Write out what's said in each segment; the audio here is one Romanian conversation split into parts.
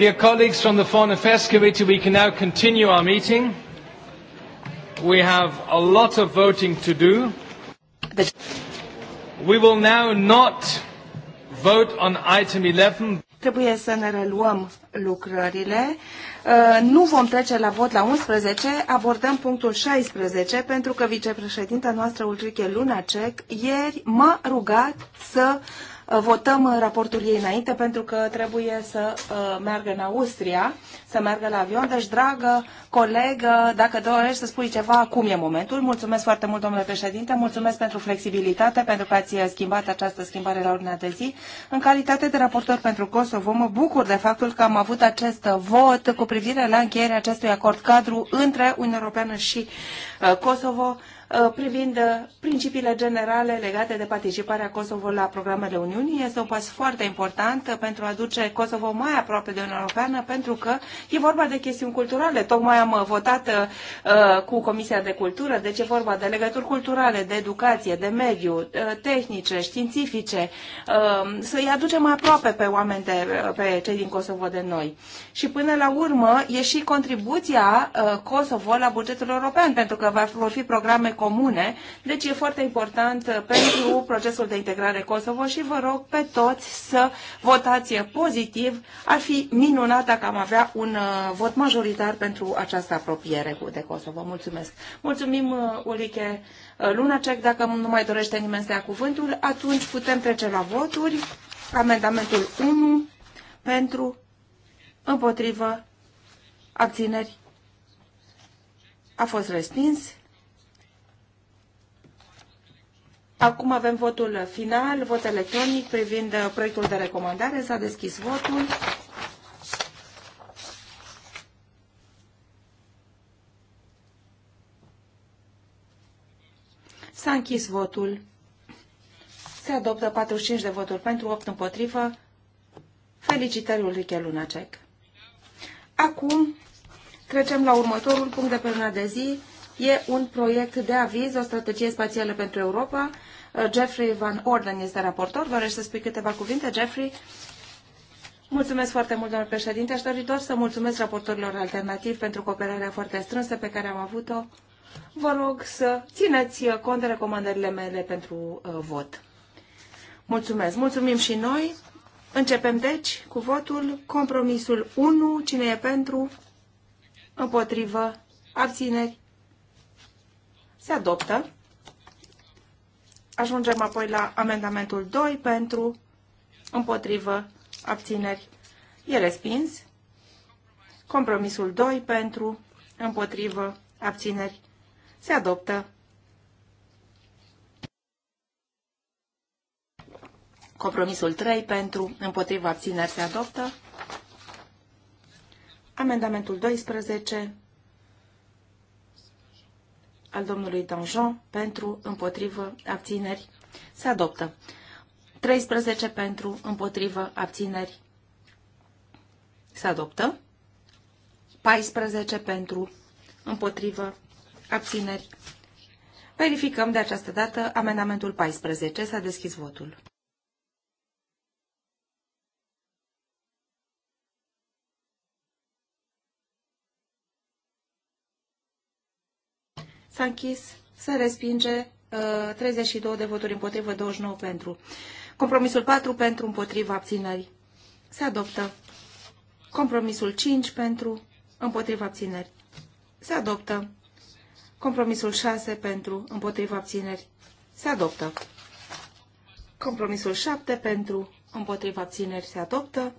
Dear colleagues from the Foreign Affairs Committee, we can now continue our meeting. We have a lot of voting to do. We will now not vote on item 11. Trebuie să ne reluăm lucrările. Uh, nu vom trece la vot la 11, abordăm punctul 16, pentru că vicepreședinta noastră, Ulrike Lunacek, ieri m-a rugat să votăm raportul ei înainte pentru că trebuie să uh, meargă în Austria, să meargă la avion. Deci, dragă colegă, dacă dorești să spui ceva, acum e momentul. Mulțumesc foarte mult, domnule președinte, mulțumesc pentru flexibilitate, pentru că ați schimbat această schimbare la ordinea de zi. În calitate de raportor pentru Kosovo, mă bucur de faptul că am avut acest vot cu privire la încheierea acestui acord cadru între Uniunea Europeană și uh, Kosovo. Uh, privind uh, principiile generale legate de participarea Kosovo la programele Uniunii. Este un pas foarte important pentru a aduce Kosovo mai aproape de Uniunea Europeană, pentru că e vorba de chestiuni culturale. Tocmai am uh, votat uh, cu Comisia de Cultură, deci e vorba de legături culturale, de educație, de mediu, uh, tehnice, științifice, uh, să-i aducem mai aproape pe oameni de, pe cei din Kosovo de noi. Și până la urmă e și contribuția Kosovo la bugetul european, pentru că vor fi programe comune. Deci e foarte important uh, pentru procesul de integrare Kosovo și vă rog pe toți să votați pozitiv. Ar fi minunat dacă am avea un uh, vot majoritar pentru această apropiere de Kosovo. Mulțumesc! Mulțumim, uh, Ulike Lunacek. Dacă nu mai dorește nimeni să ia cuvântul, atunci putem trece la voturi. Amendamentul 1 pentru, împotrivă, abțineri. A fost respins. Acum avem votul final, vot electronic privind uh, proiectul de recomandare. S-a deschis votul. S-a închis votul. Se adoptă 45 de voturi pentru, 8 împotrivă. Felicitări Ulrike Lunacek. Acum trecem la următorul punct de pe de zi. E un proiect de aviz, o strategie spațială pentru Europa. Uh, Jeffrey Van Orden este raportor. Dorești să spui câteva cuvinte, Jeffrey? Mulțumesc foarte mult, domnul președinte. Aș dori doar să mulțumesc raportorilor alternativi pentru cooperarea foarte strânsă pe care am avut-o. Vă rog să țineți cont de recomandările mele pentru uh, vot. Mulțumesc. Mulțumim și noi. Începem, deci, cu votul. Compromisul 1. Cine e pentru? Împotrivă? Abțineri? Se adoptă. Ajungem apoi la amendamentul 2 pentru, împotrivă, abțineri. E respins. Compromisul 2 pentru, împotrivă, abțineri. Se adoptă. Compromisul 3 pentru, împotriva abțineri se adoptă. Amendamentul 12 al domnului Danjon pentru, împotrivă, abțineri, se adoptă. 13 pentru, împotrivă, abțineri, se adoptă. 14 pentru, împotrivă, abțineri. Verificăm de această dată amendamentul 14. S-a deschis votul. S-a închis. Se respinge. 32 uh, de voturi împotrivă, 29 pentru. Compromisul 4 pentru împotriva abținării. Se adoptă. Compromisul 5 pentru împotriva abțineri. Se adoptă. Compromisul 6 pentru împotriva abțineri. Se adoptă. Compromisul 7 pentru împotriva abțineri se adoptă.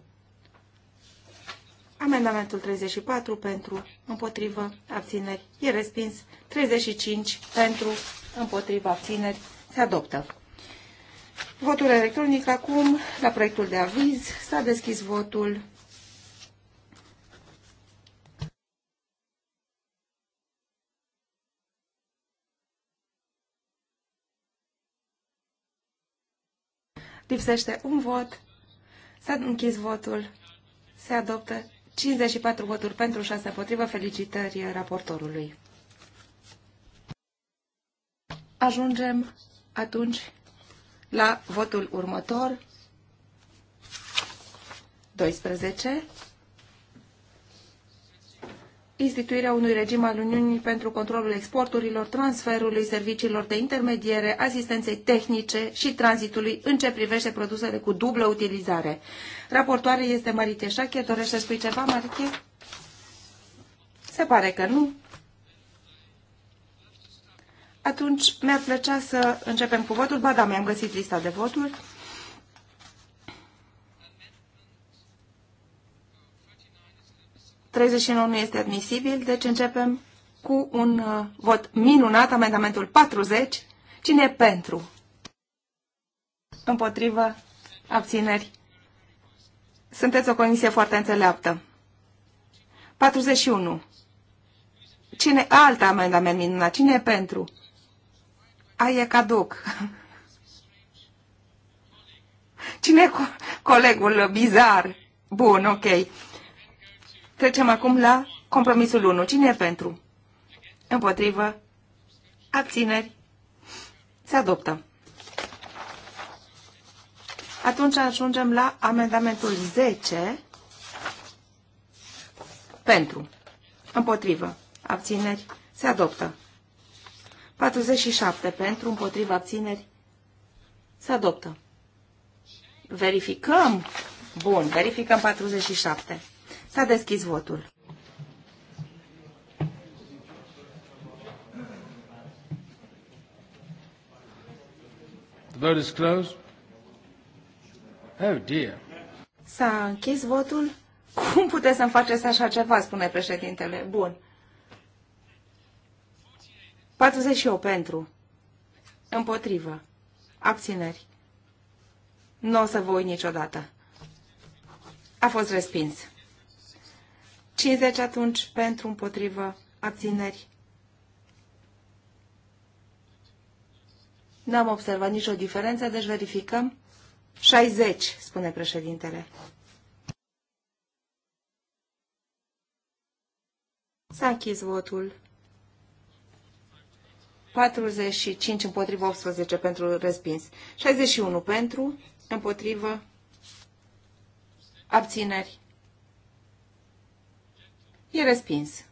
Amendamentul 34 pentru, împotrivă, abțineri, e respins. 35 pentru, împotrivă, abțineri, se adoptă. Votul electronic acum, la proiectul de aviz, s-a deschis votul. Lipsește un vot. S-a închis votul. Se adoptă 54 voturi pentru, 6 împotrivă. Felicitări raportorului. Ajungem atunci la votul următor. 12 instituirea unui regim al Uniunii pentru controlul exporturilor, transferului serviciilor de intermediere, asistenței tehnice și tranzitului în ce privește produsele cu dublă utilizare. Raportoare este Maritie Șache. Dorește să spui ceva, Maritie? Se pare că nu. Atunci mi-ar plăcea să începem cu votul. Ba da, mi-am găsit lista de voturi. 39 nu este admisibil, deci începem cu un uh, vot minunat, amendamentul 40. Cine e pentru? Împotrivă? Abțineri? Sunteți o comisie foarte înțeleaptă. 41. Cine alt amendament minunat? Cine e pentru? Ai e caduc. Cine e co colegul bizar? Bun, ok. Trecem acum la compromisul 1. Cine e pentru? Împotrivă. Abțineri. Se adoptă. Atunci ajungem la amendamentul 10 pentru, împotrivă, abțineri, se adoptă. 47 pentru, împotrivă, abțineri, se adoptă. Verificăm. Bun, verificăm 47. S-a deschis votul. The vote is closed. Oh dear. S-a închis votul? Cum puteți să-mi faceți așa ceva, spune președintele. Bun. 48 pentru. Împotrivă. Abțineri. Nu o să voi niciodată. A fost respins. 50 atunci pentru împotrivă abțineri. N-am observat nicio diferență, deci verificăm. 60, spune președintele. S-a închis votul. 45 împotrivă, 18 pentru respins. 61 pentru, împotrivă, abțineri. E respins.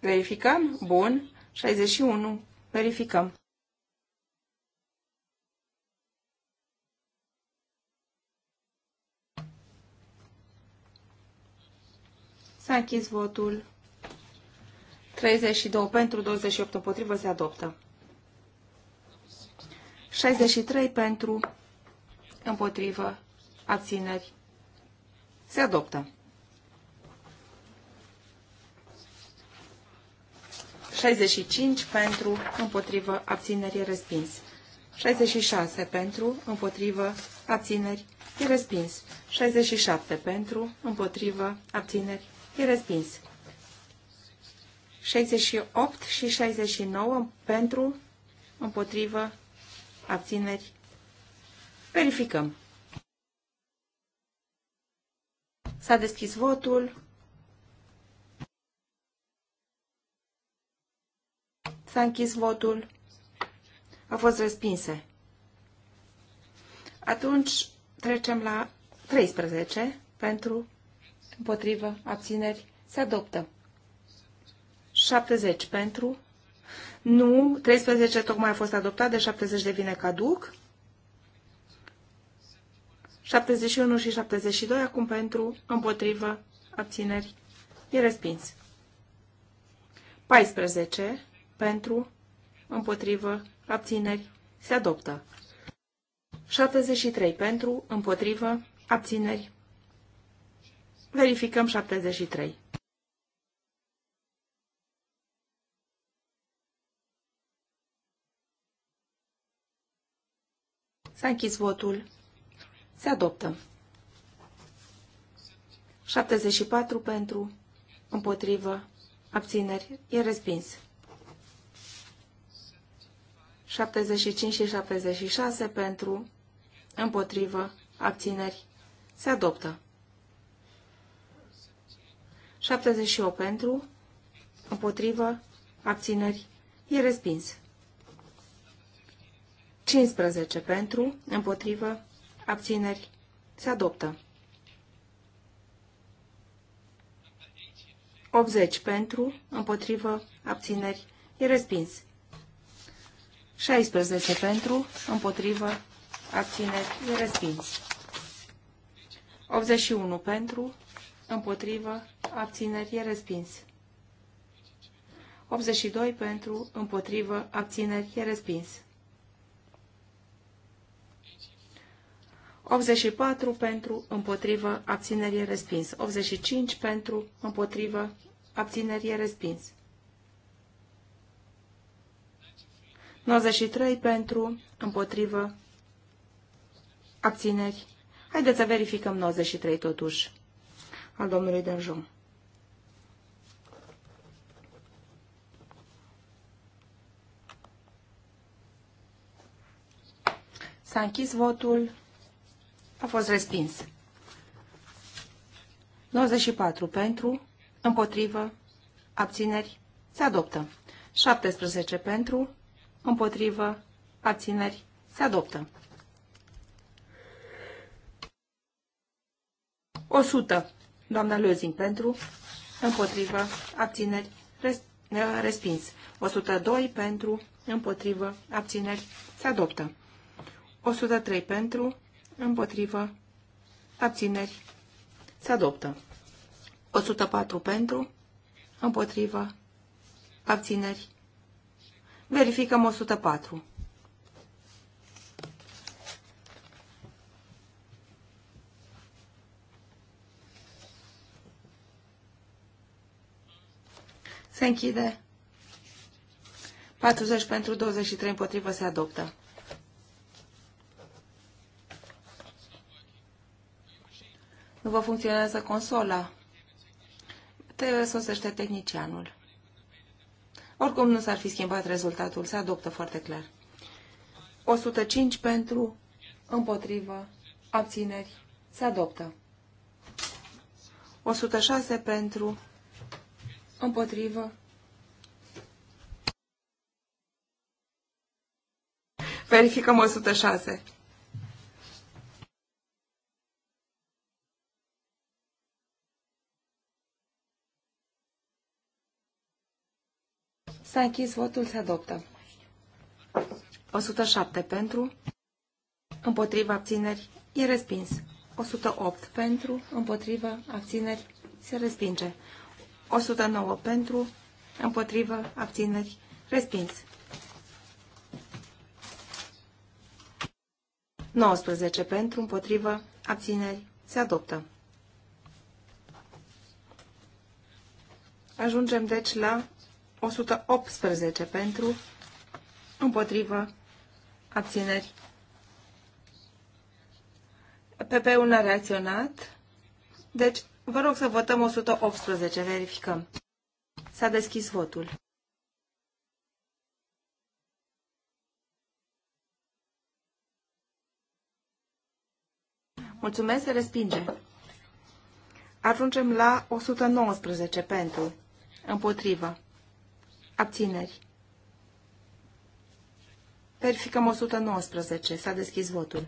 Verificăm? Bun. 61. Verificăm. S-a închis votul. 32 pentru, 28 împotrivă, se adoptă. 63 pentru, împotrivă, abțineri, se adoptă. 65 pentru, împotrivă, abțineri, respins. 66 pentru, împotrivă, abțineri, e respins. 67 pentru, împotrivă, abțineri, e respins. 68 și 69 pentru, împotrivă, abțineri. Verificăm. S-a deschis votul. S-a închis votul. A fost respinse. Atunci trecem la 13 pentru, împotrivă, abțineri, se adoptă. 70 pentru, nu, 13 tocmai a fost adoptat, de 70 devine caduc. 71 și 72 acum pentru, împotrivă, abțineri, e respins. 14 pentru, împotrivă, abțineri, se adoptă. 73 pentru, împotrivă, abțineri. Verificăm 73. S-a închis votul. Se adoptă. 74 pentru, împotrivă, abțineri, e respins. 75 și 76 pentru, împotrivă, abțineri, se adoptă. 78 pentru, împotrivă, abțineri, e respins. 15 pentru, împotrivă, abțineri, se adoptă. 80 pentru, împotrivă, abțineri, e respins. 16 pentru, împotrivă, abțineri, e respins. 81 pentru, împotrivă, abțineri, e respins. 82 pentru, împotrivă, abțineri, e respins. 84 pentru, împotrivă, abțineri, e respins. 85 pentru, împotrivă, abțineri, e respins. 93 pentru, împotrivă, abțineri. Haideți să verificăm 93 totuși al domnului Denjon. S-a închis votul. A fost respins. 94 pentru, împotrivă, abțineri, se adoptă. 17 pentru, împotrivă, abțineri, se adoptă. 100. Doamna Lozin pentru, împotrivă, abțineri, respins. 102 pentru, împotrivă, abțineri, se adoptă. 103 pentru, împotrivă, abțineri, se adoptă. 104 pentru, împotrivă, abțineri, Verificăm 104. Se închide. 40 pentru 23 împotrivă se adoptă. Nu vă funcționează consola. Te sosește tehnicianul. Oricum nu s-ar fi schimbat rezultatul, se adoptă foarte clar. 105 pentru, împotrivă, abțineri, se adoptă. 106 pentru, împotrivă, verificăm 106. S-a închis votul, se adoptă. 107 pentru, împotriva abțineri, e respins. 108 pentru, împotriva abțineri, se respinge. 109 pentru, împotriva abțineri, respins. 19 pentru, împotriva abțineri, se adoptă. Ajungem deci la 118 pentru, împotrivă, abțineri. PP-ul a reacționat, deci vă rog să votăm 118, verificăm. S-a deschis votul. Mulțumesc, se respinge. Ajungem la 119 pentru, împotrivă. Abțineri. Verificăm 119. S-a deschis votul.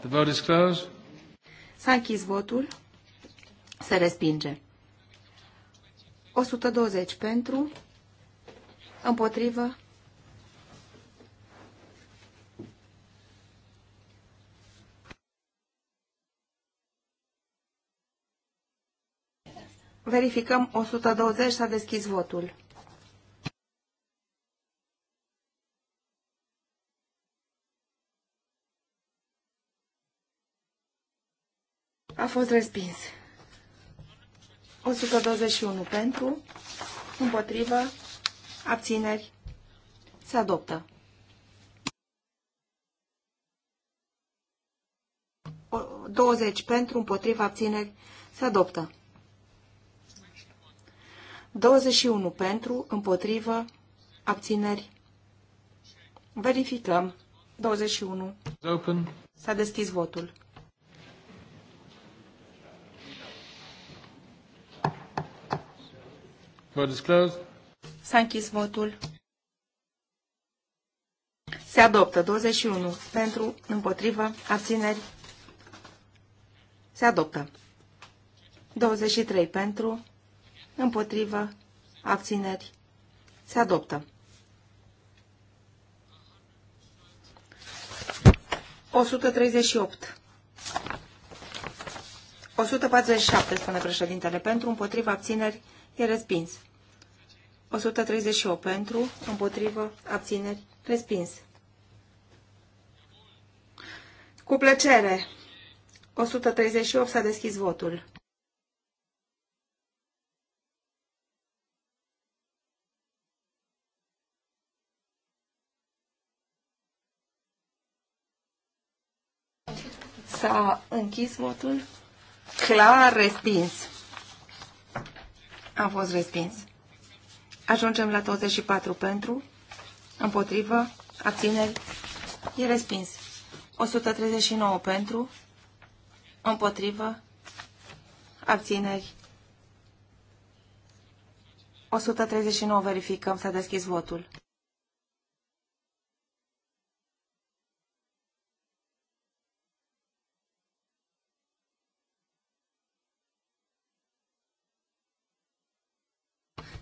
The vote is closed. S-a închis votul. Se respinge. 120 pentru, împotrivă, Verificăm 120, s-a deschis votul. A fost respins. 121 pentru, împotrivă, abțineri, se adoptă. 20 pentru, împotrivă, abțineri, se adoptă. 21 pentru, împotrivă, abțineri. Verificăm. 21. S-a deschis votul. S-a închis votul. Se adoptă 21 pentru, împotrivă, abțineri. Se adoptă. 23 pentru, împotrivă, abțineri, se adoptă. 138. 147, spune președintele, pentru, împotriva, abțineri, e respins. 138 pentru, împotriva abțineri, respins. Cu plăcere! 138 s-a deschis votul. S-a închis votul. Clar respins. A fost respins. Ajungem la 24 pentru, împotrivă, abțineri, e respins. 139 pentru, împotrivă, abțineri. 139 verificăm, s-a deschis votul.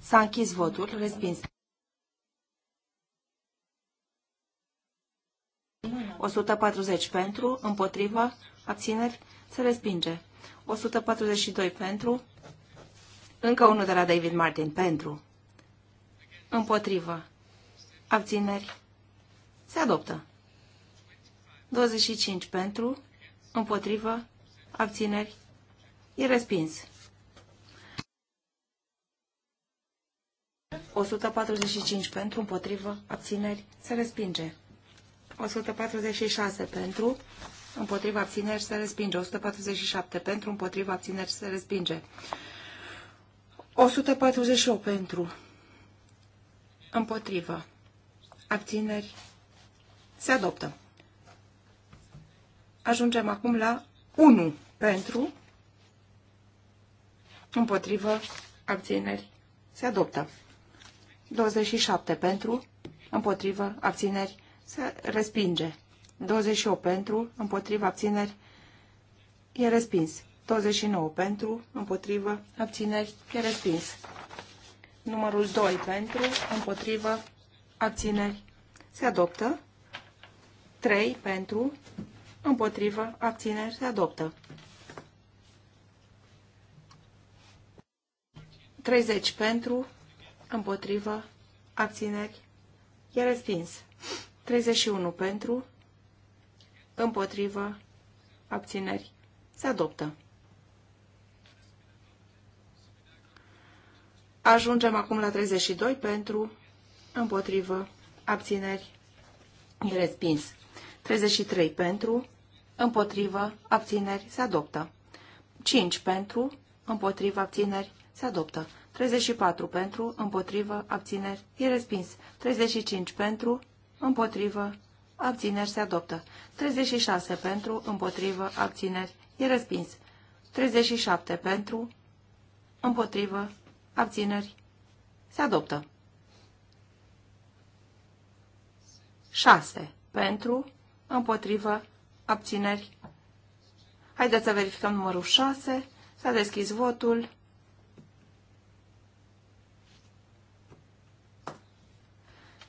S-a închis votul. Respins. 140 pentru, împotrivă, abțineri, se respinge. 142 pentru, încă unul de la David Martin, pentru, împotrivă, abțineri, se adoptă. 25 pentru, împotrivă, abțineri, e respins. 145 pentru, împotrivă, abțineri, se respinge. 146 pentru, împotriva abțineri, se respinge. 147 pentru, împotriva abțineri, se respinge. 148 pentru, împotrivă, abțineri, se adoptă. Ajungem acum la 1 pentru, împotrivă, abțineri, se adoptă. 27 pentru, împotrivă, abțineri, se respinge. 28 pentru, împotrivă, abțineri, e respins. 29 pentru, împotrivă, abțineri, e respins. Numărul 2 pentru, împotrivă, abțineri, se adoptă. 3 pentru, împotrivă, abțineri, se adoptă. 30 pentru, împotrivă, abțineri, e respins. 31 pentru, împotrivă, abțineri, se adoptă. Ajungem acum la 32 pentru, împotrivă, abțineri, e respins. 33 pentru, împotrivă, abțineri, se adoptă. 5 pentru, împotrivă, abțineri, se adoptă. 34 pentru, împotrivă, abțineri, e respins. 35 pentru, împotrivă, abțineri, se adoptă. 36 pentru, împotrivă, abțineri, e respins. 37 pentru, împotrivă, abțineri, se adoptă. 6 pentru, împotrivă, abțineri. Haideți să verificăm numărul 6. S-a deschis votul.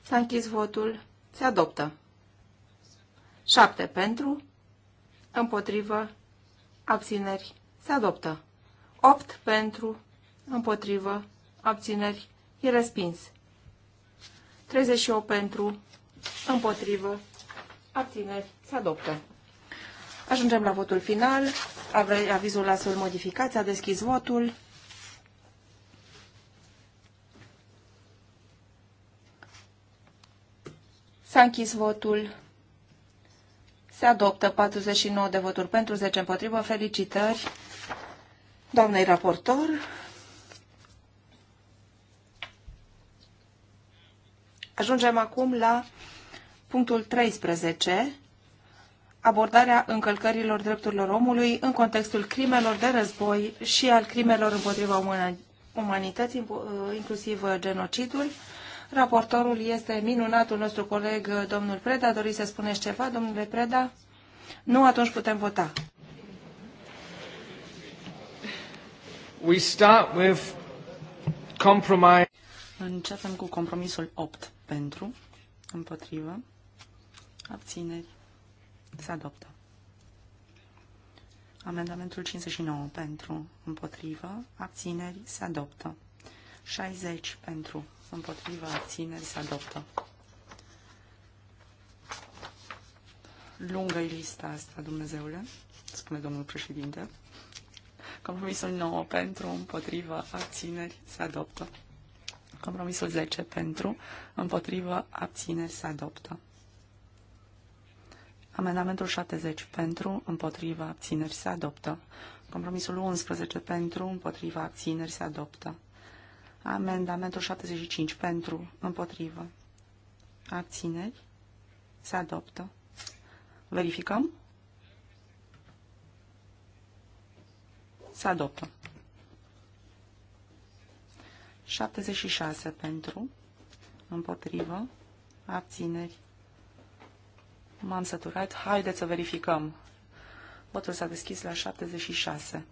S-a închis votul. Se adoptă. 7 pentru, împotrivă, abțineri, se adoptă. 8 pentru, împotrivă, abțineri, e respins. 38 pentru, împotrivă, abțineri, se adoptă. Ajungem la votul final. Avizul astfel modificat. modificați. a deschis votul. S-a închis votul. Se adoptă 49 de voturi pentru, 10 împotrivă. Felicitări doamnei raportor. Ajungem acum la punctul 13, abordarea încălcărilor drepturilor omului în contextul crimelor de război și al crimelor împotriva umanității, inclusiv genocidul. Raportorul este minunatul nostru coleg, domnul Preda. Doriți să spuneți ceva, domnule Preda? Nu, atunci putem vota. We start with compromise. Începem cu compromisul 8 pentru, împotrivă, abțineri, se adoptă. Amendamentul 59 pentru, împotrivă, abțineri, se adoptă. 60 pentru, împotriva abțineri se adoptă. lungă lista asta, Dumnezeule, spune domnul președinte. Compromisul 9 pentru, împotriva abțineri se adoptă. Compromisul 10 pentru, împotriva abțineri se adoptă. Amendamentul 70 pentru, împotriva abțineri se adoptă. Compromisul 11 pentru, împotriva abțineri se adoptă. Amendamentul 75 pentru, împotrivă, abțineri, se adoptă. Verificăm? Se adoptă. 76 pentru, împotrivă, abțineri. M-am săturat. Haideți să verificăm. Votul s-a deschis la 76.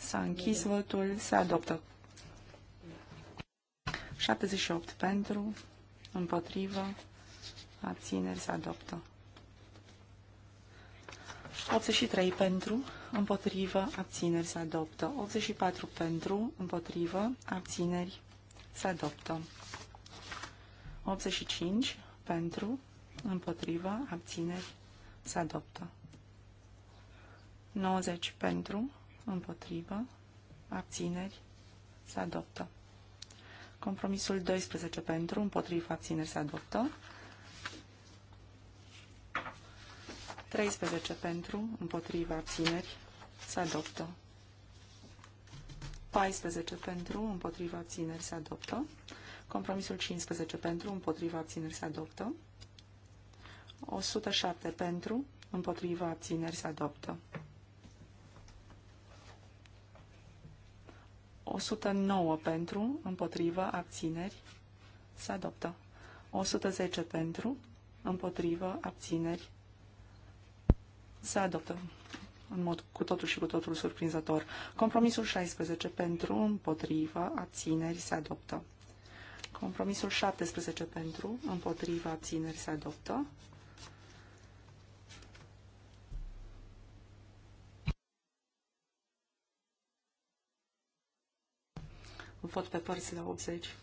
S-a închis votul, se adoptă. 78 pentru, împotrivă, abțineri, se adoptă. 83 pentru, împotrivă, abțineri, se adoptă. 84 pentru, împotrivă, abțineri, se adoptă. 85 pentru, împotrivă, abțineri, se adoptă. 90 pentru, împotrivă, abțineri, se adoptă. Compromisul 12 pentru, împotrivă, abțineri, se adoptă. 13 pentru, împotrivă, abțineri, se adoptă. 14 pentru, împotrivă, abțineri, se adoptă. Compromisul 15 pentru, împotrivă, abțineri, se adoptă. 107 pentru, împotrivă, abțineri, se adoptă. 109 pentru, împotrivă, abțineri, se adoptă. 110 pentru, împotrivă, abțineri, se adoptă în mod cu totul și cu totul surprinzător. Compromisul 16 pentru, împotrivă, abțineri, se adoptă. Compromisul 17 pentru, împotriva abțineri se adoptă. vot pe părți la 80.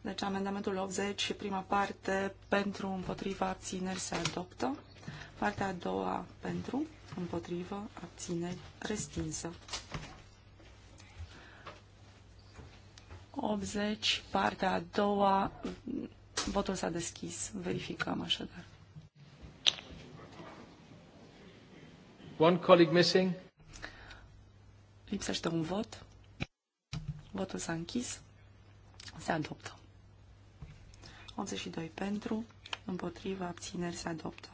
Deci amendamentul 80 și prima parte pentru, împotriva, abțineri se adoptă. Partea a doua pentru, împotrivă, abțineri, restinsă. 80, partea a doua, votul s-a deschis. Verificăm așadar. One colleague missing. Lipsește un vot. Votul s-a închis. Se adoptă. 82 pentru, împotriva, abțineri, se adoptă.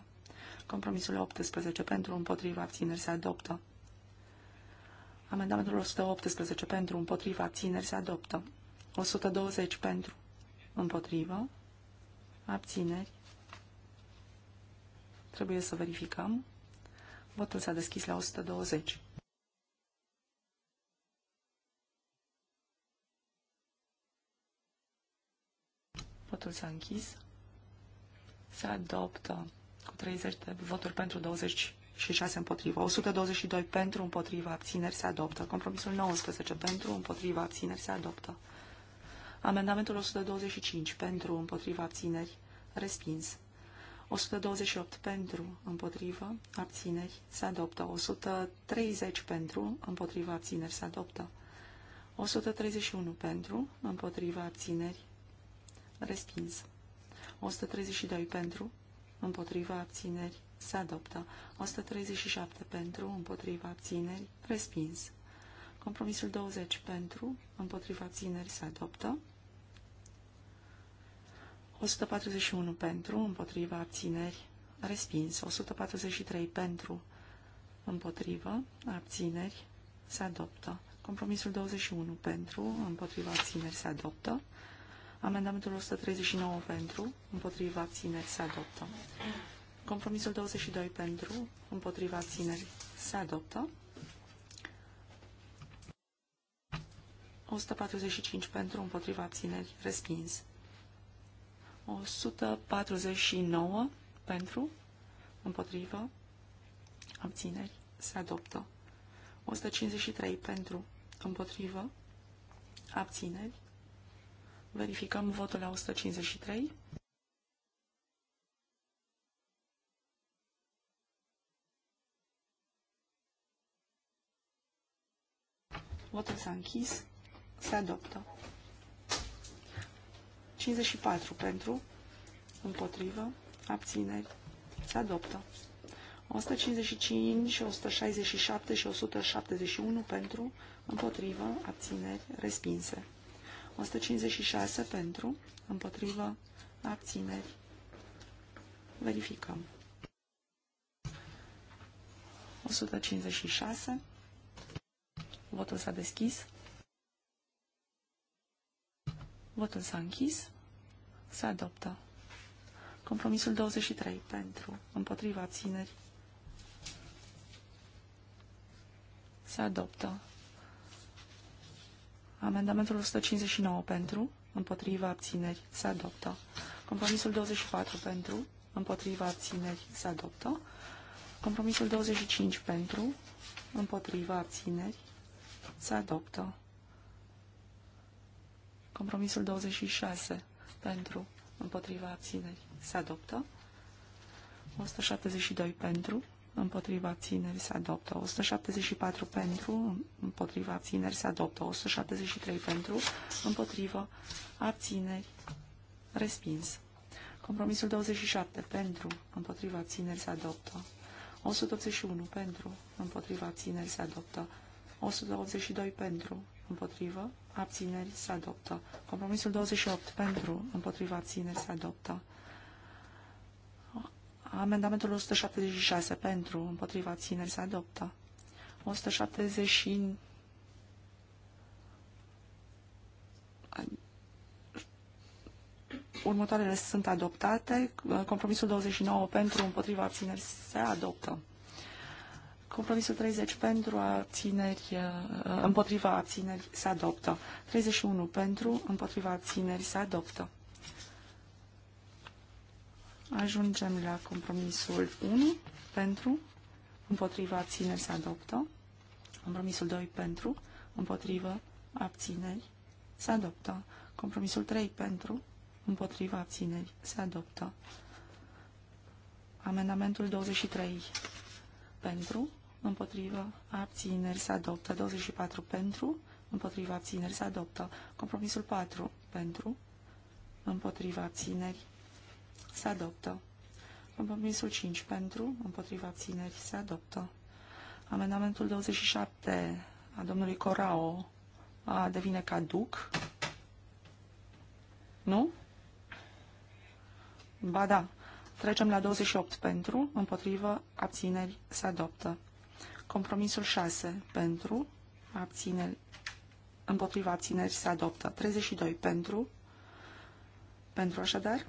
Compromisul 18 pentru, împotriva, abțineri, se adoptă. Amendamentul 118 pentru, împotriva, abțineri, se adoptă. 120 pentru, împotriva, abțineri. Trebuie să verificăm. Votul s-a deschis la 120. Votul s-a închis. Se adoptă cu 30 de voturi pentru 6 împotriva. 122 pentru, împotriva, abțineri se adoptă. Compromisul 19 pentru, împotriva, abțineri se adoptă. Amendamentul 125 pentru, împotriva, abțineri, respins. 128 pentru, împotriva, abțineri, se adoptă. 130 pentru, împotriva, abțineri, se adoptă. 131 pentru, împotriva, abțineri, Respins. 132 pentru, împotriva abțineri, se adoptă. 137 pentru, împotriva abțineri, respins. Compromisul 20 pentru, împotriva abțineri, se adoptă. 141 pentru, împotriva abțineri, respins. 143 pentru, împotriva abțineri, se adoptă. Compromisul 21 pentru, împotriva abțineri, se adoptă. Amendamentul 139 pentru, împotriva abțineri se adoptă. Compromisul 22 pentru, împotriva abțineri se adoptă. 145 pentru, împotriva abțineri respins. 149 pentru, împotriva abțineri se adoptă. 153 pentru, împotriva abțineri Verificăm votul la 153. Votul s-a închis. Se adoptă. 54 pentru, împotrivă, abțineri. Se adoptă. 155, 167 și 171 pentru, împotrivă, abțineri, respinse. 156 pentru, împotrivă, abțineri. Verificăm. 156. Votul s-a deschis. Votul s-a închis. Se adoptă. Compromisul 23 pentru, împotriva abțineri. Se adoptă. Amendamentul 159 pentru, împotriva abțineri, se adoptă. Compromisul 24 pentru, împotriva abțineri, se adoptă. Compromisul 25 pentru, împotriva abțineri, se adoptă. Compromisul 26 pentru, împotriva abțineri, se adoptă. 172 pentru, împotriva țineri se adoptă, 174 pentru, împotriva țineri se adoptă, 173 pentru, împotriva abțineri respins. Compromisul 27 pentru, împotriva țineri se adoptă, 181 pentru, împotriva țineri se adoptă, 182 pentru, împotriva abțineri se adoptă. Compromisul 28 pentru, împotriva țineri se adoptă. Amendamentul 176 pentru, împotriva țineri se adoptă. 170 Următoarele sunt adoptate. Compromisul 29 pentru, împotriva abțineri se adoptă. Compromisul 30 pentru abțineri, împotriva abțineri se adoptă. 31 pentru, împotriva abțineri se adoptă. Ajungem la compromisul 1 pentru, împotriva abțineri se adoptă. Compromisul 2 pentru, împotriva abțineri se adoptă. Compromisul 3 pentru, împotriva abțineri se adoptă. Amendamentul 23 pentru, împotriva abțineri se adoptă. 24 pentru, împotriva abțineri se adoptă. Compromisul 4 pentru, împotriva abțineri se adoptă. Compromisul 5 pentru, împotriva abțineri, se adoptă. Amendamentul 27 a domnului Corao a, devine caduc. Nu? Ba da. Trecem la 28 pentru, împotriva abțineri, se adoptă. Compromisul 6 pentru, abțineri, împotriva abțineri, se adoptă. 32 pentru, pentru așadar,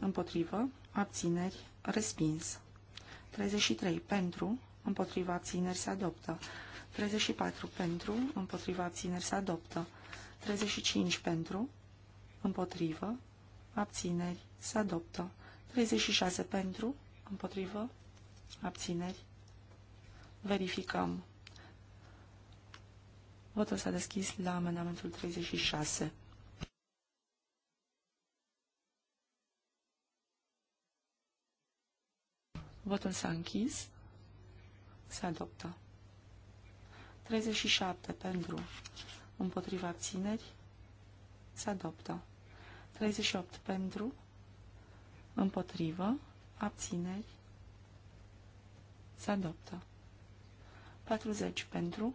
împotrivă, abțineri, respins. 33 pentru, împotriva abțineri se adoptă. 34 pentru, împotriva abțineri se adoptă. 35 pentru, împotrivă, abțineri se adoptă. 36 pentru, împotrivă, abțineri. Verificăm. Votul s-a deschis la amendamentul 36. Votul s-a închis. Se adoptă. 37 pentru. Împotriva abțineri. Se adoptă. 38 pentru. Împotrivă. Abțineri. Se adoptă. 40 pentru.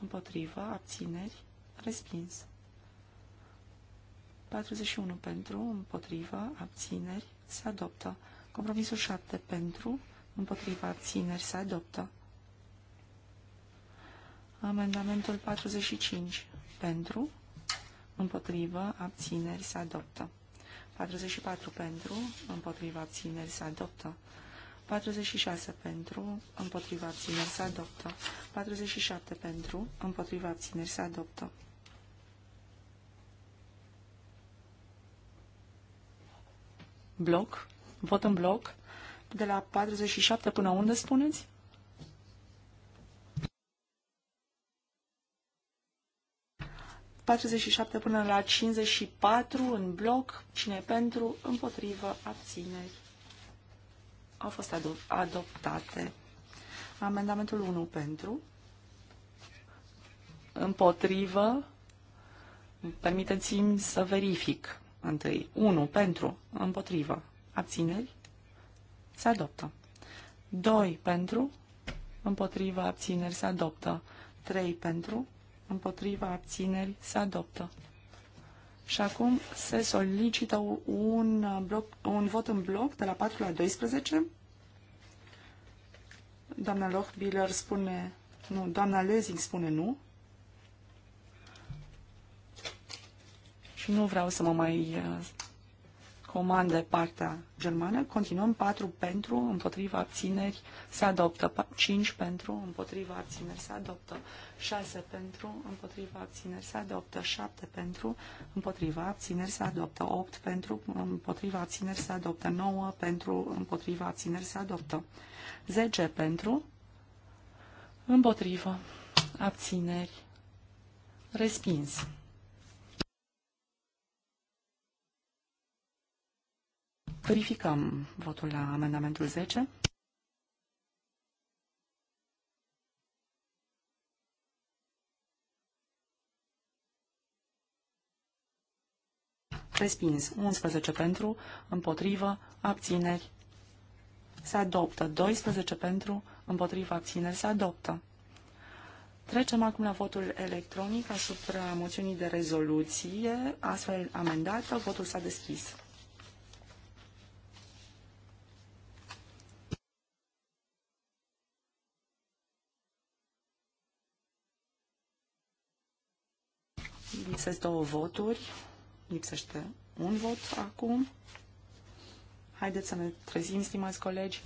Împotrivă. Abțineri. Respins. 41 pentru. Împotrivă. Abțineri. Se adoptă. Compromisul 7 pentru, împotriva abțineri se adoptă. Amendamentul 45 pentru, împotriva abțineri se adoptă. 44 pentru, împotriva abțineri se adoptă. 46 pentru, împotriva abțineri se adoptă. 47 pentru, împotriva abțineri se adoptă. Bloc Vot în bloc. De la 47 până unde spuneți? ...47 până la 54 în bloc, cine pentru, împotrivă, abțineri. Au fost ado adoptate. Amendamentul 1 pentru, împotrivă, permiteți-mi să verific întâi. 1 pentru, împotrivă, abțineri, se adoptă. 2 pentru, împotriva abțineri, se adoptă. 3 pentru, împotriva abțineri, se adoptă. Și acum se solicită un, bloc, un vot în bloc de la 4 la 12. Doamna Lochbiller spune nu, doamna Lezing spune nu. Și nu vreau să mă mai recomand de partea germană. Continuăm 4 pentru, împotriva abțineri se adoptă. 5 pentru, împotriva abțineri se adoptă. 6 pentru, împotriva abțineri se adoptă. 7 pentru, împotriva abțineri se adoptă. 8 pentru, împotriva abțineri se adoptă. 9 pentru, împotriva abțineri se adoptă. 10 pentru, împotriva abțineri respins. Verificăm votul la amendamentul 10. Respins 11 pentru, împotrivă, abțineri. Se adoptă 12 pentru, împotrivă, abțineri. Se adoptă. Trecem acum la votul electronic asupra moțiunii de rezoluție, astfel amendată. Votul s-a deschis. Lipsesc două voturi. Lipsește un vot acum. Haideți să ne trezim, stimați colegi.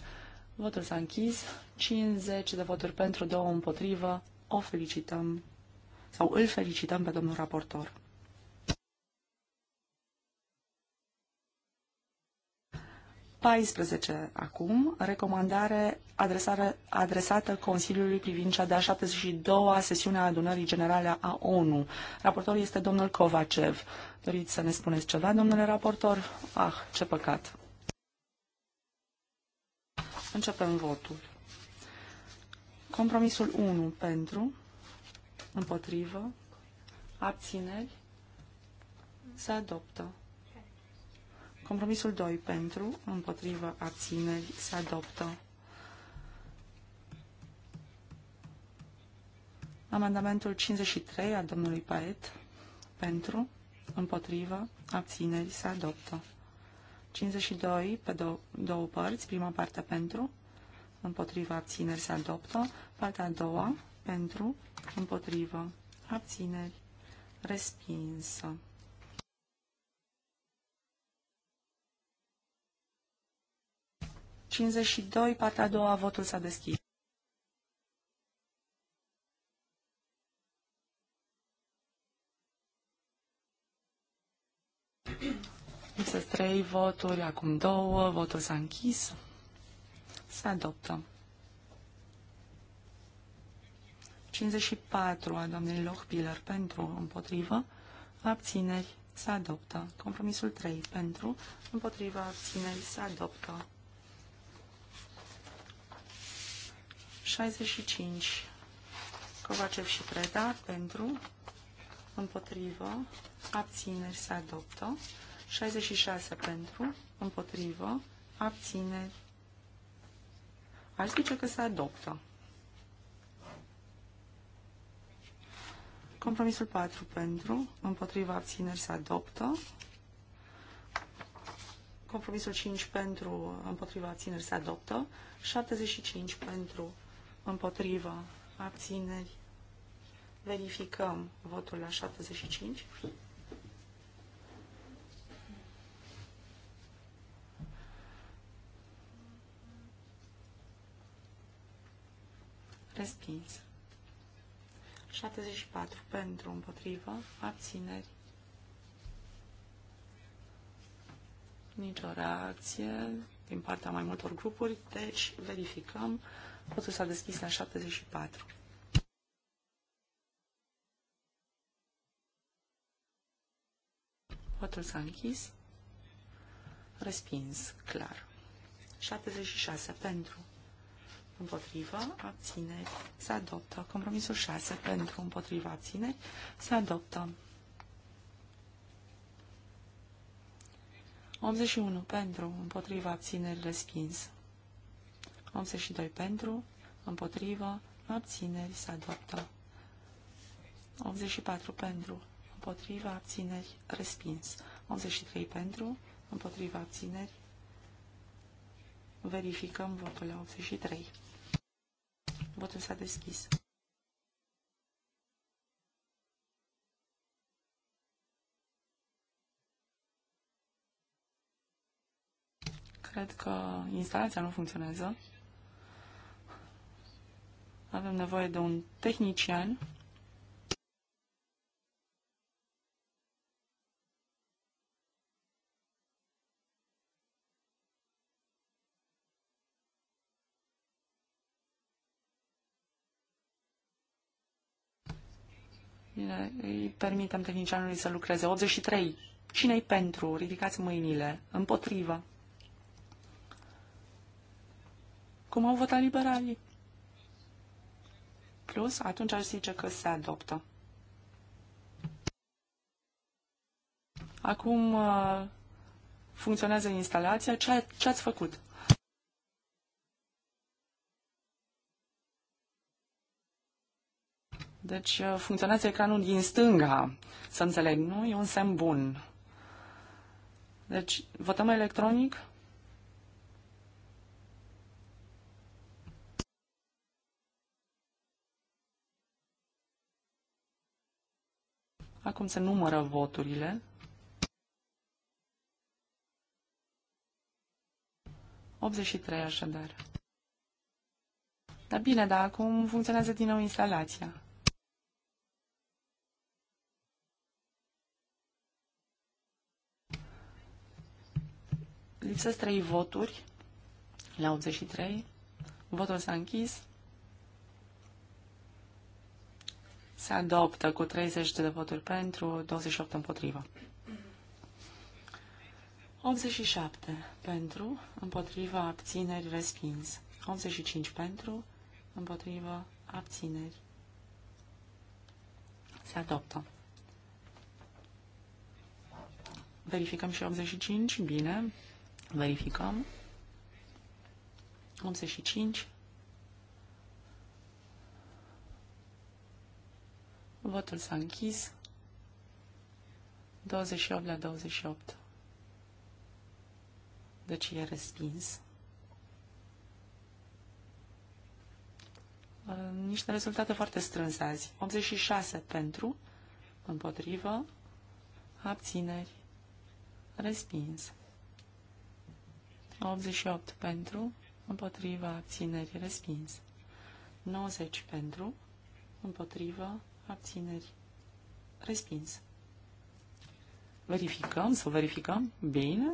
Votul s-a închis. 50 de voturi pentru, două împotrivă. O felicităm sau îl felicităm pe domnul raportor. 14 acum, recomandare adresare, adresată Consiliului privind cea de-a 72-a sesiune a adunării generale a ONU. Raportorul este domnul Kovacev. Doriți să ne spuneți ceva, domnule raportor? Ah, ce păcat. Începem votul. Compromisul 1 pentru, împotrivă, abțineri, se adoptă. Compromisul 2 pentru, împotrivă, abțineri, se adoptă. Amendamentul 53 al domnului Paet pentru, împotrivă, abțineri, se adoptă. 52 pe dou două părți, prima parte pentru, împotrivă, abțineri se adoptă, partea a doua pentru, împotrivă, abțineri, respinsă. 52, partea a doua, votul s-a deschis. Lipsesc trei voturi, acum două, votul s-a închis. Se adoptă. 54 a doamnei Lochpiller pentru, împotrivă, abțineri, se adoptă. Compromisul 3 pentru, împotrivă, abțineri, se adoptă. 65. Covacev și Preda pentru, împotrivă, abțineri se adoptă. 66 pentru, împotrivă, abțineri. Aș zice că se adoptă. Compromisul 4 pentru, împotrivă abțineri se adoptă. Compromisul 5 pentru, împotriva abțineri se adoptă. 75 pentru, Împotrivă. Abțineri. Verificăm votul la 75. Respins. 74 pentru, împotrivă, abțineri. Nici o reacție din partea mai multor grupuri, deci verificăm. Votul s-a deschis la 74. Votul s-a închis. Respins, clar. 76 pentru. Împotrivă, abțineri, se adoptă. Compromisul 6 pentru, împotrivă, abțineri, se adoptă. 81 pentru, împotriva abțineri respins. 82 pentru, împotriva abțineri se adoptă. 84 pentru, împotriva abțineri respins. 83 pentru, împotriva abțineri. Verificăm votul la 83. Votul s-a deschis. Cred că instalația nu funcționează. Avem nevoie de un tehnician. Bine, îi permitem tehnicianului să lucreze. 83. Cine-i pentru? Ridicați mâinile. Împotriva. cum au votat liberalii. Plus, atunci aș zice că se adoptă. Acum uh, funcționează instalația. Ce, ce ați făcut? Deci uh, funcționează ecranul din stânga, să înțeleg, nu? E un semn bun. Deci votăm electronic? Acum se numără voturile. 83 așadar. Dar bine, dar acum funcționează din nou instalația. Lipsesc 3 voturi la 83. Votul s-a închis. se adoptă cu 30 de voturi pentru, 28 împotrivă. 87 pentru, împotriva, abțineri, respins. 85 pentru, împotriva, abțineri. Se adoptă. Verificăm și 85, bine. Verificăm. 85, Votul s-a închis. 28 la 28. Deci e respins. Uh, niște rezultate foarte strânse azi. 86 pentru, împotrivă, abțineri, respins. 88 pentru, împotrivă, abțineri, respins. 90 pentru, împotriva abțineri, respins. Verificăm, să verificăm, bine.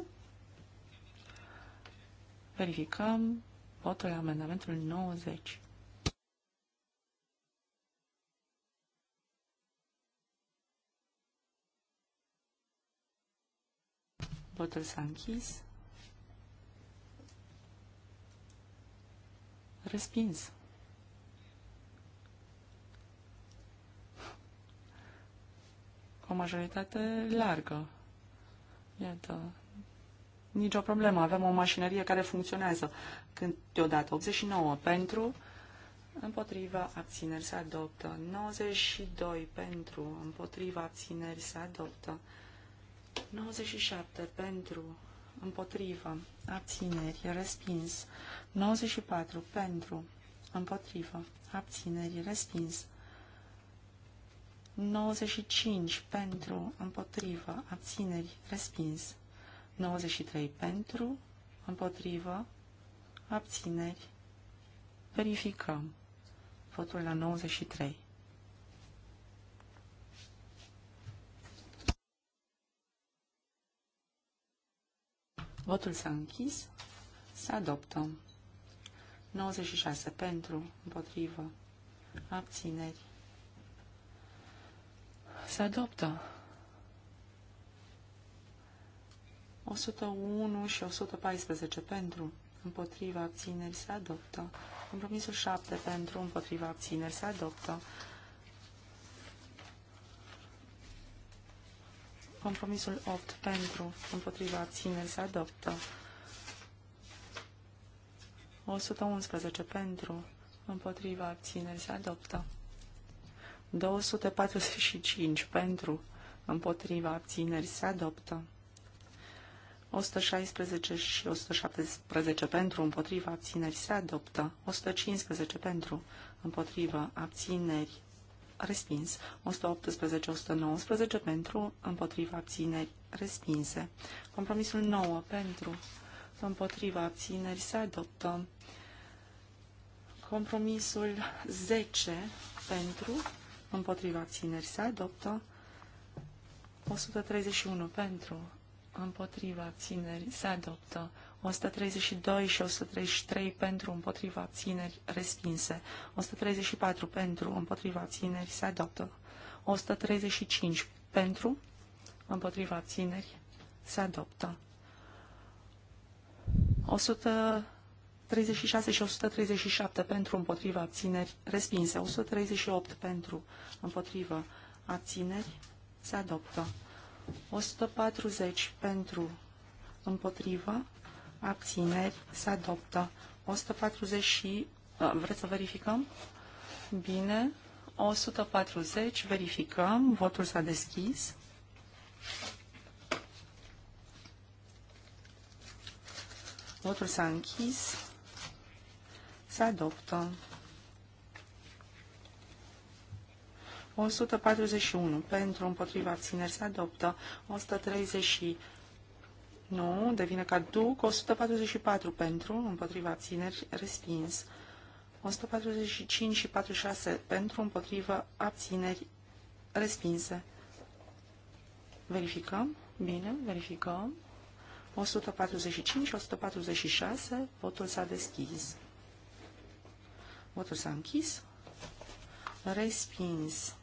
Verificăm votul amendamentul 90. Votul s-a închis. Respins. o majoritate largă. Iată, nicio problemă, avem o mașinărie care funcționează. Când deodată 89 pentru, împotriva abțineri se adoptă, 92 pentru, împotriva abțineri se adoptă, 97 pentru, împotriva, abțineri, respins, 94 pentru, împotriva, abțineri, respins, 95 pentru, împotrivă, abțineri, respins. 93 pentru, împotrivă, abțineri, verificăm. Votul la 93. Votul s-a închis. Se adoptă. 96 pentru, împotrivă, abțineri, se adoptă. 101 și 114 pentru. Împotriva abțineri se adoptă. Compromisul 7 pentru. Împotriva abțineri se adoptă. Compromisul 8 pentru. Împotriva abțineri se adoptă. 111 pentru. Împotriva abțineri se adoptă. 245 pentru, împotriva abțineri se adoptă. 116 și 117 pentru, împotriva abțineri se adoptă. 115 pentru, împotriva abțineri respins. 118, 119 pentru, împotriva abțineri respinse. Compromisul 9 pentru, împotriva abțineri se adoptă. Compromisul 10 pentru, împotriva abținerii se adoptă. 131 pentru, împotriva abținerii se adoptă. 132 și 133 pentru împotriva abținerii respinse. 134 pentru împotriva abținerii se adoptă. 135 pentru împotriva abținerii se adoptă. 100 136 și 137 pentru împotriva abțineri respinse, 138 pentru împotriva abțineri se adoptă, 140 pentru împotriva abțineri se adoptă, 140 și... Vreți să verificăm? Bine, 140, verificăm, votul s-a deschis. Votul s-a închis. Se adoptă. 141. Pentru, împotriva, abțineri. Se adoptă. 139. Devine caduc. 144. Pentru, împotriva, abțineri. Respins. 145 și 46. Pentru, împotriva, abțineri. Respinse. Verificăm. Bine, verificăm. 145 și 146. Votul s-a deschis. Votul s-a închis. Respins.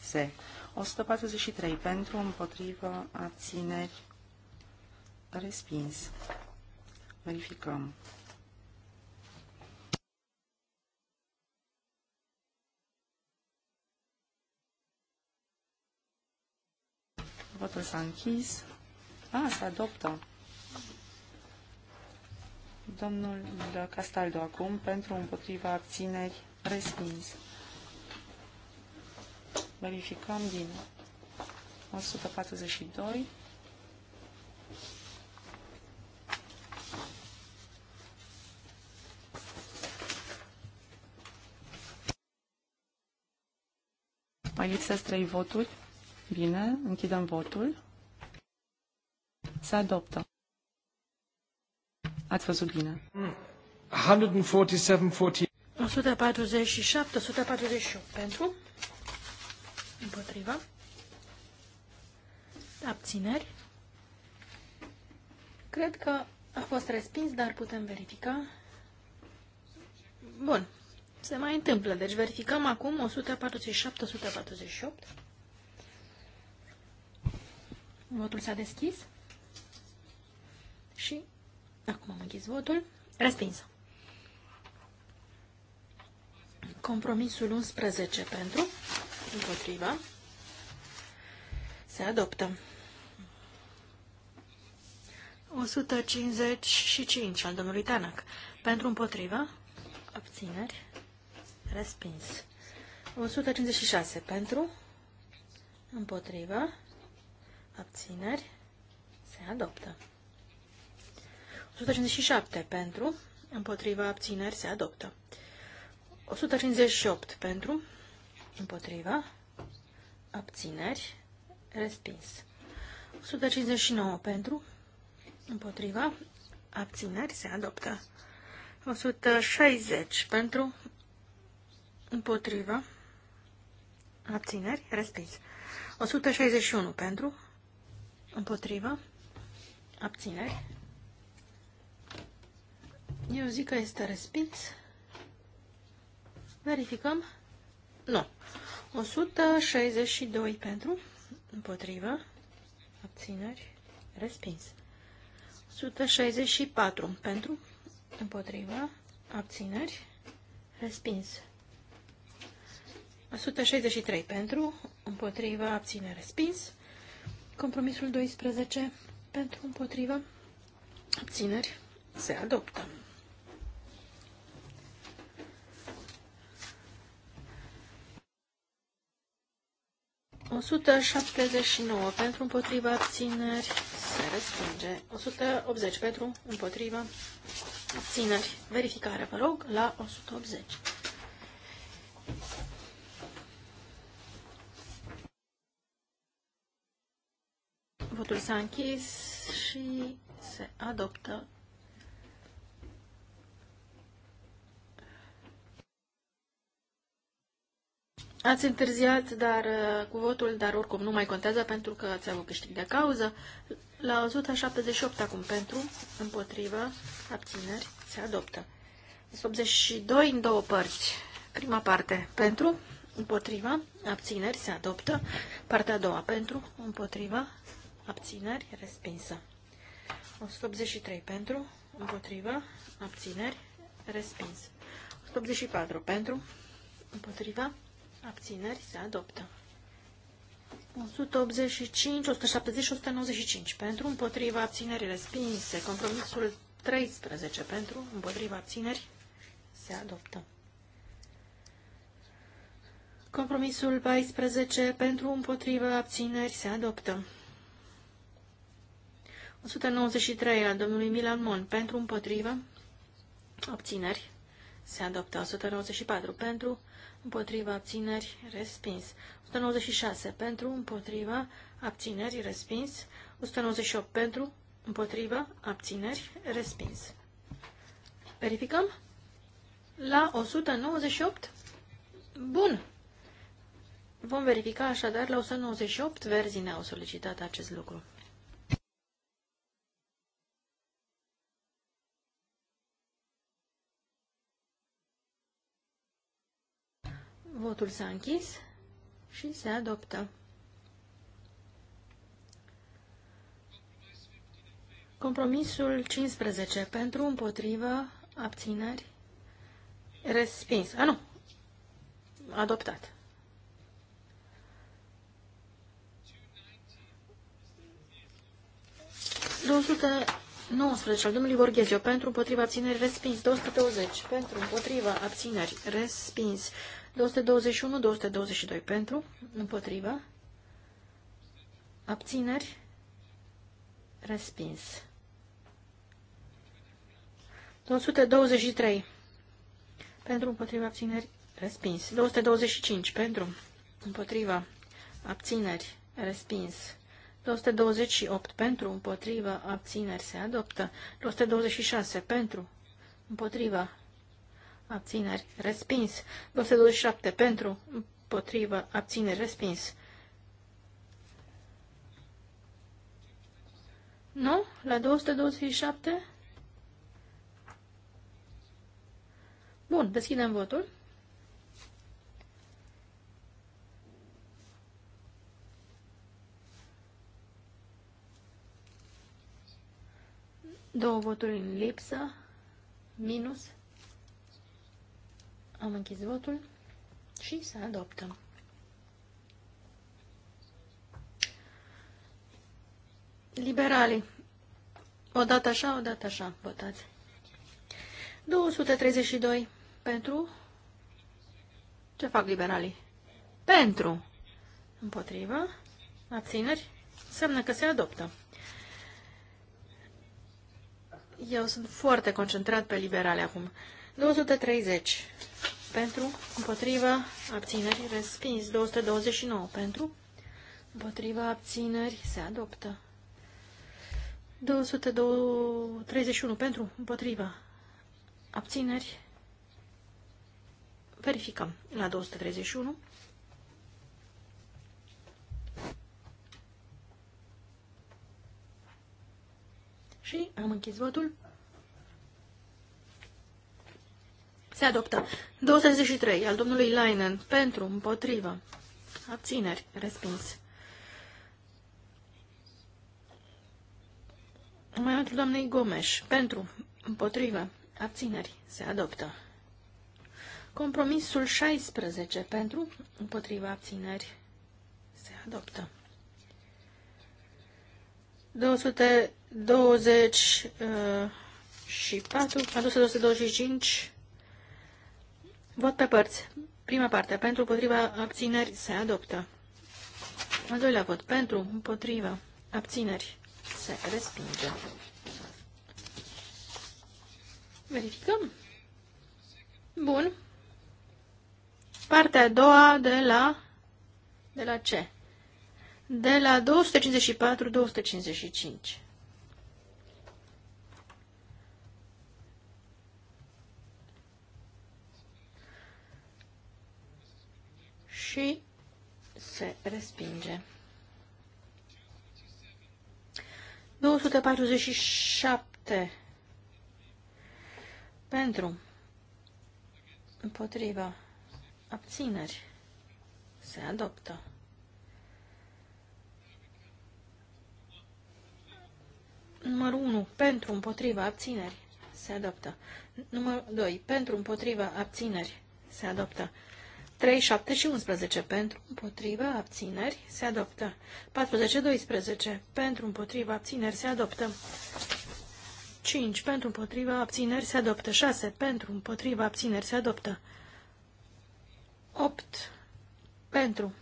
Se. 143 pentru, împotrivă, abțineri. Respins. Verificăm. Votul s-a închis. A, se adoptă. Domnul Castaldo acum pentru împotriva abțineri respins. Verificăm din 142. Mai lipsesc trei voturi. Bine, închidem votul. Se adoptă. Ați văzut bine. 147, 148 pentru, împotriva, abțineri. Cred că a fost respins, dar putem verifica. Bun, se mai întâmplă. Deci verificăm acum 147-148. Votul s-a deschis și Acum am închis votul. Respinsă. Compromisul 11 pentru, împotriva, se adoptă. 155 al domnului Tanac. Pentru împotriva, abțineri, respins. 156 pentru, împotriva, abțineri, se adoptă. 157 pentru, împotriva abțineri se adoptă. 158 pentru, împotriva, abțineri, respins. 159 pentru, împotriva, abțineri se adoptă. 160 pentru, împotriva, abțineri, respins. 161 pentru, împotriva, abțineri, eu zic că este respins. Verificăm. Nu. 162 pentru, împotrivă, abțineri, respins. 164 pentru, împotrivă, abțineri, respins. 163 pentru, împotrivă, abțineri, respins. Compromisul 12 pentru, împotrivă, abțineri, se adoptă. 179 pentru împotriva abțineri se respinge. 180 pentru împotriva abțineri. Verificare, vă rog, la 180. Votul s-a închis și se adoptă Ați întârziat dar, uh, cu votul, dar oricum nu mai contează pentru că ați avut câștig de cauză. La 178 acum pentru, împotrivă, abțineri, se adoptă. 82 în două părți. Prima parte pentru, împotrivă, abțineri, se adoptă. Partea a doua pentru, împotrivă, abțineri, respinsă. 183 pentru, împotrivă, abțineri, respins. 184 pentru, împotrivă, Abțineri se adoptă. 185, 170 și 195 pentru, împotriva abțineri respinse. Compromisul 13 pentru, împotriva abțineri se adoptă. Compromisul 14 pentru, împotriva abțineri se adoptă. 193 al domnului Milan Mon pentru, împotriva abțineri se adoptă. 194 pentru, împotriva abțineri respins. 196 pentru, împotriva abțineri respins. 198 pentru, împotriva abțineri respins. Verificăm? La 198? Bun! Vom verifica așadar la 198, verzii ne-au solicitat acest lucru. Votul s-a închis și se adoptă. Compromisul 15. Pentru, împotrivă, abțineri, respins. A, nu! Adoptat. Douăsute al domnului Borghezio pentru împotriva abțineri respins 220 pentru împotriva abțineri respins 221-222 pentru, împotrivă, abțineri, respins. 223 pentru, împotriva, abțineri, respins. 225 pentru, împotriva, abțineri, respins. 228 pentru, împotriva, abțineri, se adoptă. 226 pentru, împotriva, abțineri, respins. 227 pentru, împotrivă, abțineri, respins. Nu? La 227? Bun, deschidem votul. Două voturi în lipsă, minus am închis votul și se adoptă. O Odată așa, odată așa, votați. 232 pentru. Ce fac liberalii? Pentru. Împotrivă. Abțineri. Înseamnă că se adoptă. Eu sunt foarte concentrat pe liberale acum. 230 pentru, împotriva, abțineri, respins. 229 pentru, împotriva, abțineri, se adoptă. 231 pentru, împotriva, abțineri, verificăm la 231. Și am închis votul. Se adoptă. 23 al domnului Leinen. Pentru, împotrivă. Abțineri. Respins. Amendamentul doamnei Gomes. Pentru, împotrivă. Abțineri. Se adoptă. Compromisul 16 pentru, împotriva abțineri, se adoptă. 224, adusă 225 Vot pe părți. Prima parte. Pentru, împotriva, abțineri se adoptă. Al doilea vot. Pentru, împotriva, abțineri se respinge. Verificăm. Bun. Partea a doua de la... De la ce? De la 254-255. și se respinge. 247 pentru împotriva abțineri se adoptă. Numărul 1. Pentru împotriva abțineri se adoptă. Numărul 2. Pentru împotriva abțineri se adoptă. 3, 7 și 11 pentru împotrivă, abțineri, se adoptă. 40, 12 pentru împotrivă, abțineri, se adoptă. 5 pentru împotrivă, abțineri, se adoptă. 6 pentru împotrivă, abțineri, se adoptă. 8 pentru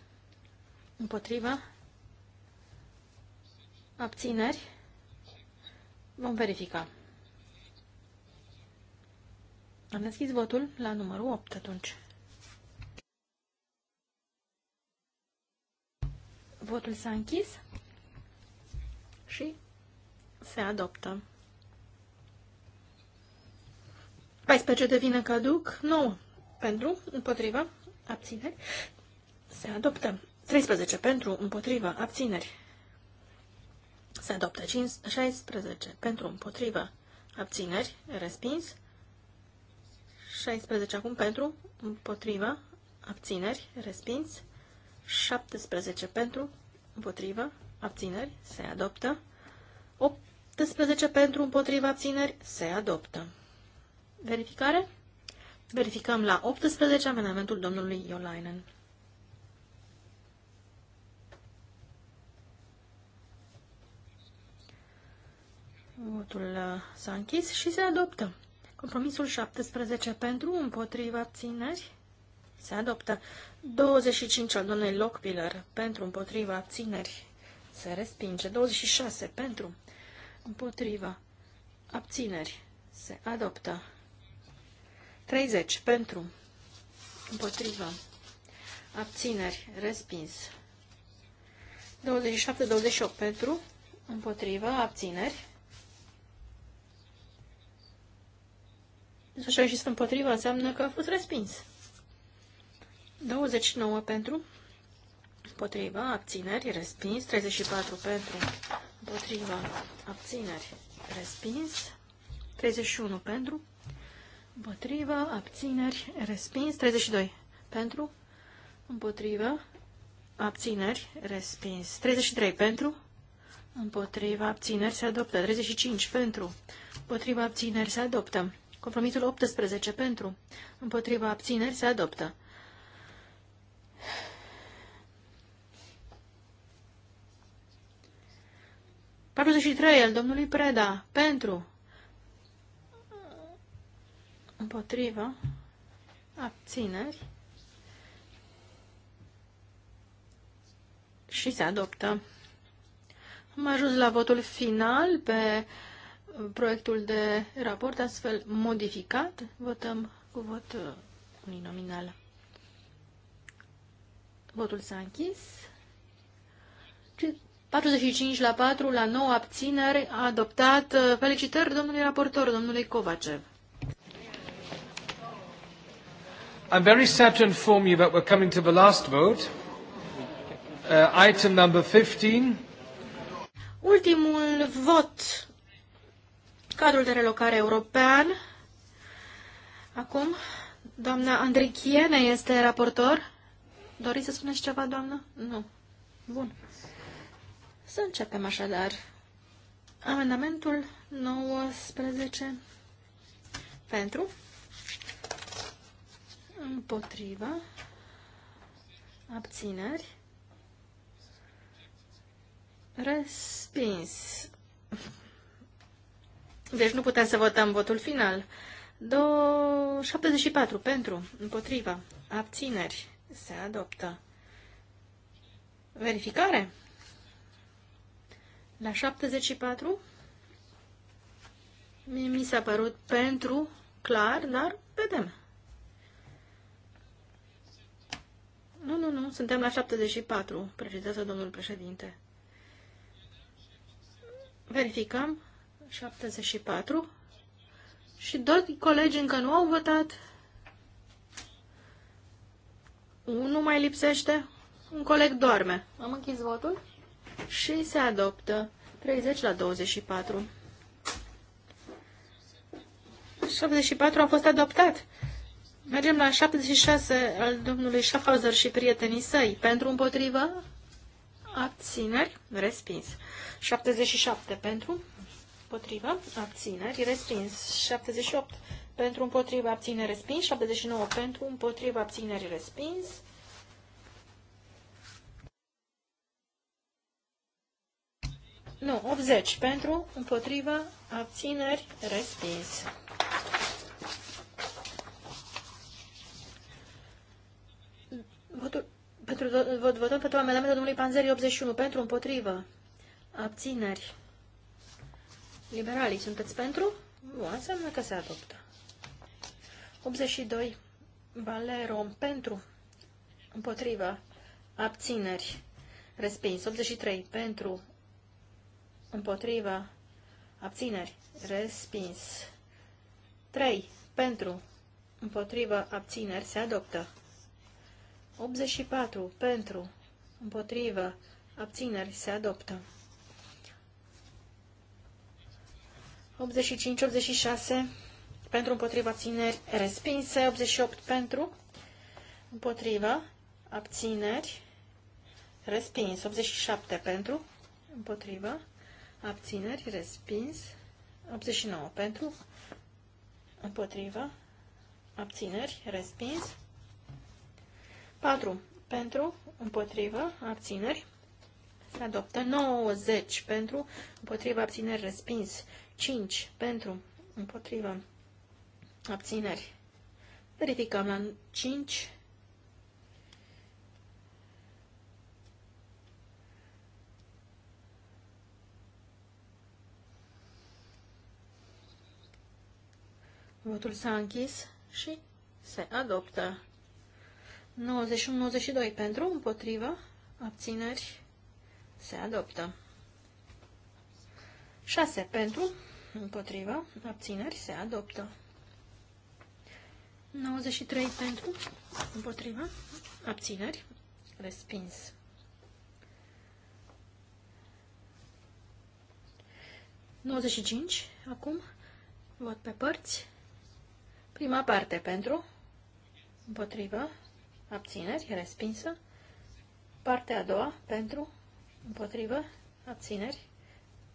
împotrivă, abțineri, vom verifica. Am deschis votul la numărul 8 atunci. Votul s-a închis și se adoptă. 14 devine caduc, 9 pentru, împotriva, abțineri, se adoptă. 13 pentru, împotriva, abțineri, se adoptă. 5, 16 pentru, împotriva, abțineri, respins. 16 acum pentru, împotriva, abțineri, respins. 17 pentru, împotrivă, abțineri, se adoptă. 18 pentru, împotrivă, abțineri, se adoptă. Verificare? Verificăm la 18 amendamentul domnului Iolainen. Votul uh, s-a închis și se adoptă. Compromisul 17 pentru, împotriva abțineri, se adoptă. 25 al doamnei Lockpiller pentru împotriva abțineri se respinge. 26 pentru împotriva abțineri se adoptă. 30 pentru împotriva abțineri respins. 27-28 pentru împotriva abțineri. Așa și împotriva înseamnă că a fost respins. 29 pentru, împotriva, abțineri, respins. 34 pentru, împotriva, abțineri, respins. 31 pentru, împotriva, abțineri, respins. 32 pentru, împotriva, abțineri, respins. 33 pentru, împotriva, abțineri, se adoptă. 35 pentru, împotriva, abțineri, se adoptă. Compromisul 18 pentru, împotriva, abțineri, se adoptă. 43 al domnului Preda. Pentru. Împotrivă. Abțineri. Și se adoptă. Am ajuns la votul final pe proiectul de raport astfel modificat. Votăm cu vot uninominal. Votul s-a închis. 45 la 4 la 9 abțineri a adoptat. Uh, felicitări domnului raportor, domnului Kovacev. I'm very sad to inform you that we're coming to the last vote. Uh, item number 15. Ultimul vot. Cadrul de relocare european. Acum, doamna Andrichiene este raportor. Doriți să spuneți ceva, doamnă? Nu. Bun. Să începem așadar. Amendamentul 19 pentru împotriva abțineri respins. Deci nu putem să votăm votul final. Do 74 pentru împotriva abțineri se adoptă. Verificare. La 74 mi s-a părut pentru clar, dar vedem. Nu, nu, nu, suntem la 74, precizează domnul președinte. Verificăm 74 și doi colegi încă nu au votat. Unul mai lipsește, un coleg doarme. Am închis votul și se adoptă 30 la 24. 74 a fost adoptat. Mergem la 76 al domnului Schaffhauser și prietenii săi. Pentru împotrivă, abțineri, respins. 77 pentru, potrivă, abțineri, respins. 78 pentru împotriva abținere respins, 79 pentru împotriva abținere respins. Nu, 80 pentru împotriva abțineri respins. Votul, pentru, votăm pentru amendamentul domnului Panzeri 81 pentru împotrivă. Abțineri. Liberalii, sunteți pentru? Nu, înseamnă că se adoptă. 82. Valero pentru, împotriva, abțineri, respins. 83. Pentru, împotriva, abțineri, respins. 3. Pentru, împotriva, abțineri, se adoptă. 84. Pentru, împotriva, abțineri, se adoptă. 85-86 pentru împotriva țineri respinse, 88 pentru împotriva abțineri respins, 87 pentru împotriva abțineri respins, 89 pentru împotriva abțineri respins, 4 pentru împotriva abțineri se adoptă 90 pentru, împotriva abțineri respins, 5 pentru, împotriva Abțineri. Verificăm la 5. Votul s-a închis și se adoptă. 91-92 pentru, împotriva, abțineri, se adoptă. 6 pentru, împotriva, abțineri, se adoptă. 93 pentru, împotriva, abțineri, respins. 95 acum, vot pe părți. Prima parte pentru, împotriva, abțineri, respinsă. Partea a doua pentru, împotriva abțineri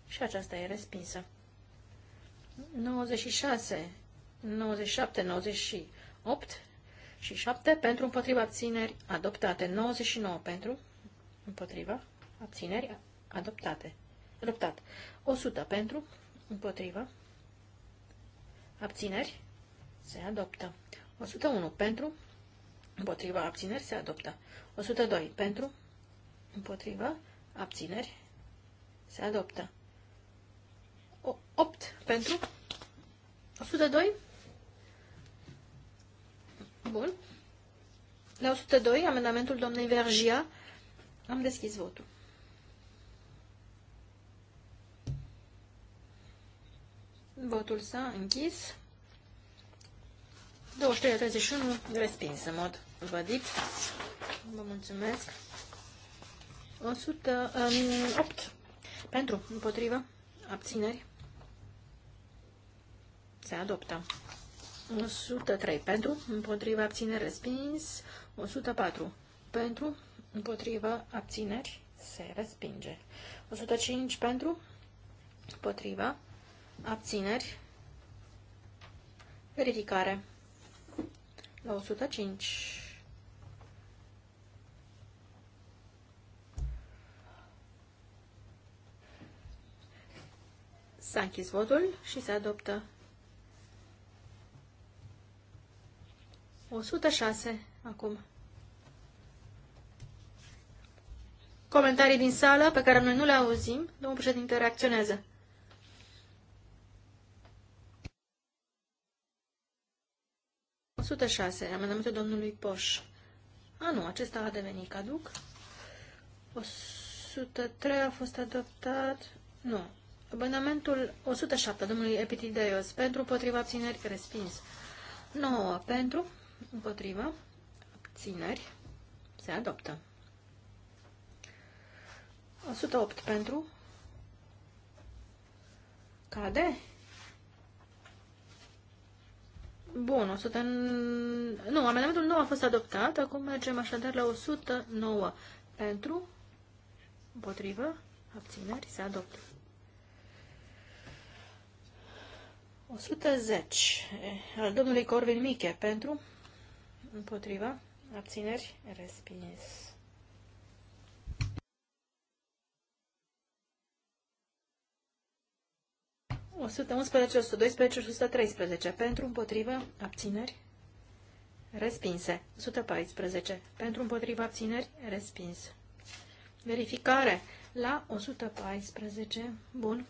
și aceasta e respinsă. 96, 97, 98 8 și 7 pentru împotriva abțineri adoptate. 99 pentru împotriva abțineri adoptate. Adoptat. 100 pentru împotriva abțineri se adoptă. 101 pentru împotriva abțineri se adoptă. 102 pentru împotriva abțineri se adoptă. 8 pentru 102 Bun. La 102, amendamentul domnei Vergia, am deschis votul. Votul s-a închis. 23-31, respins în mod vădit. Vă mulțumesc. 108 um, pentru, împotrivă, abțineri. Se adoptă. 103 pentru, împotriva abțineri respins, 104 pentru, împotriva abțineri se respinge. 105 pentru, împotriva, abțineri, ridicare, La 105. S-a închis votul și se adoptă 106 acum. Comentarii din sală pe care noi nu le auzim. Domnul președinte reacționează. Amendamentul domnului Poș. A, nu, acesta a devenit caduc. 103 a fost adoptat. Nu. Amendamentul 107 domnului Epitideios. Pentru, potriva abțineri, respins. 9 pentru, împotrivă, țineri se adoptă. 108 pentru, cade, Bun, 100... Nu, amendamentul nu a fost adoptat. Acum mergem așadar la 109. Pentru, împotrivă, abțineri, se adoptă. 110. Al domnului Corvin Miche. Pentru, împotriva, abțineri, respins. O 111, 112, 113. Pentru împotriva, abțineri, respinse. 114. Pentru împotriva, abțineri, respins. Verificare. La 114. Bun.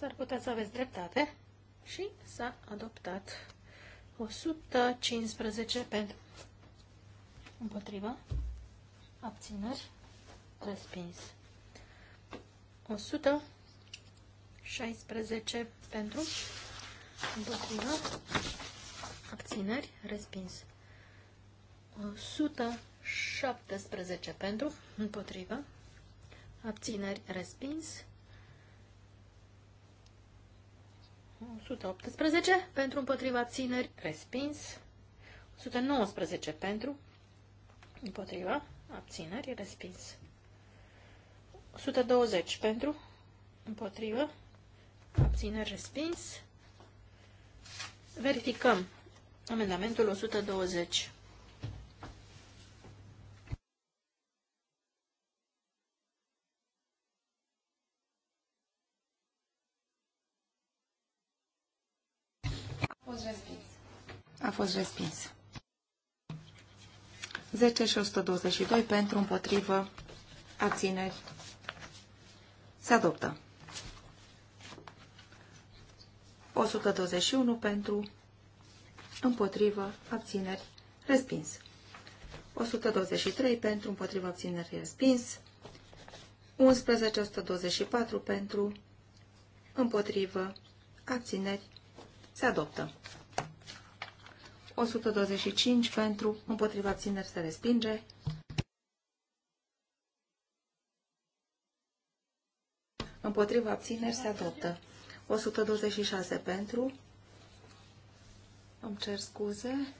S-ar putea să aveți dreptate. Și s-a adoptat 115 pentru împotriva abțineri respins. 116 pentru împotriva abțineri respins. 117 pentru împotriva abțineri respins. 118 pentru împotriva țineri, respins. 119 pentru împotriva abțineri, respins. 120 pentru împotriva abțineri, respins. Verificăm amendamentul 120. fost respins. 10 și 122 pentru, împotrivă, abțineri, se adoptă. 121 pentru, împotrivă, abțineri, respins. 123 pentru, împotrivă, abțineri, respins. 11, 124 pentru, împotrivă, abțineri, se adoptă. 125 pentru, împotriva țineri se respinge. Împotriva abțineri se adoptă. 126 pentru. Îmi cer scuze.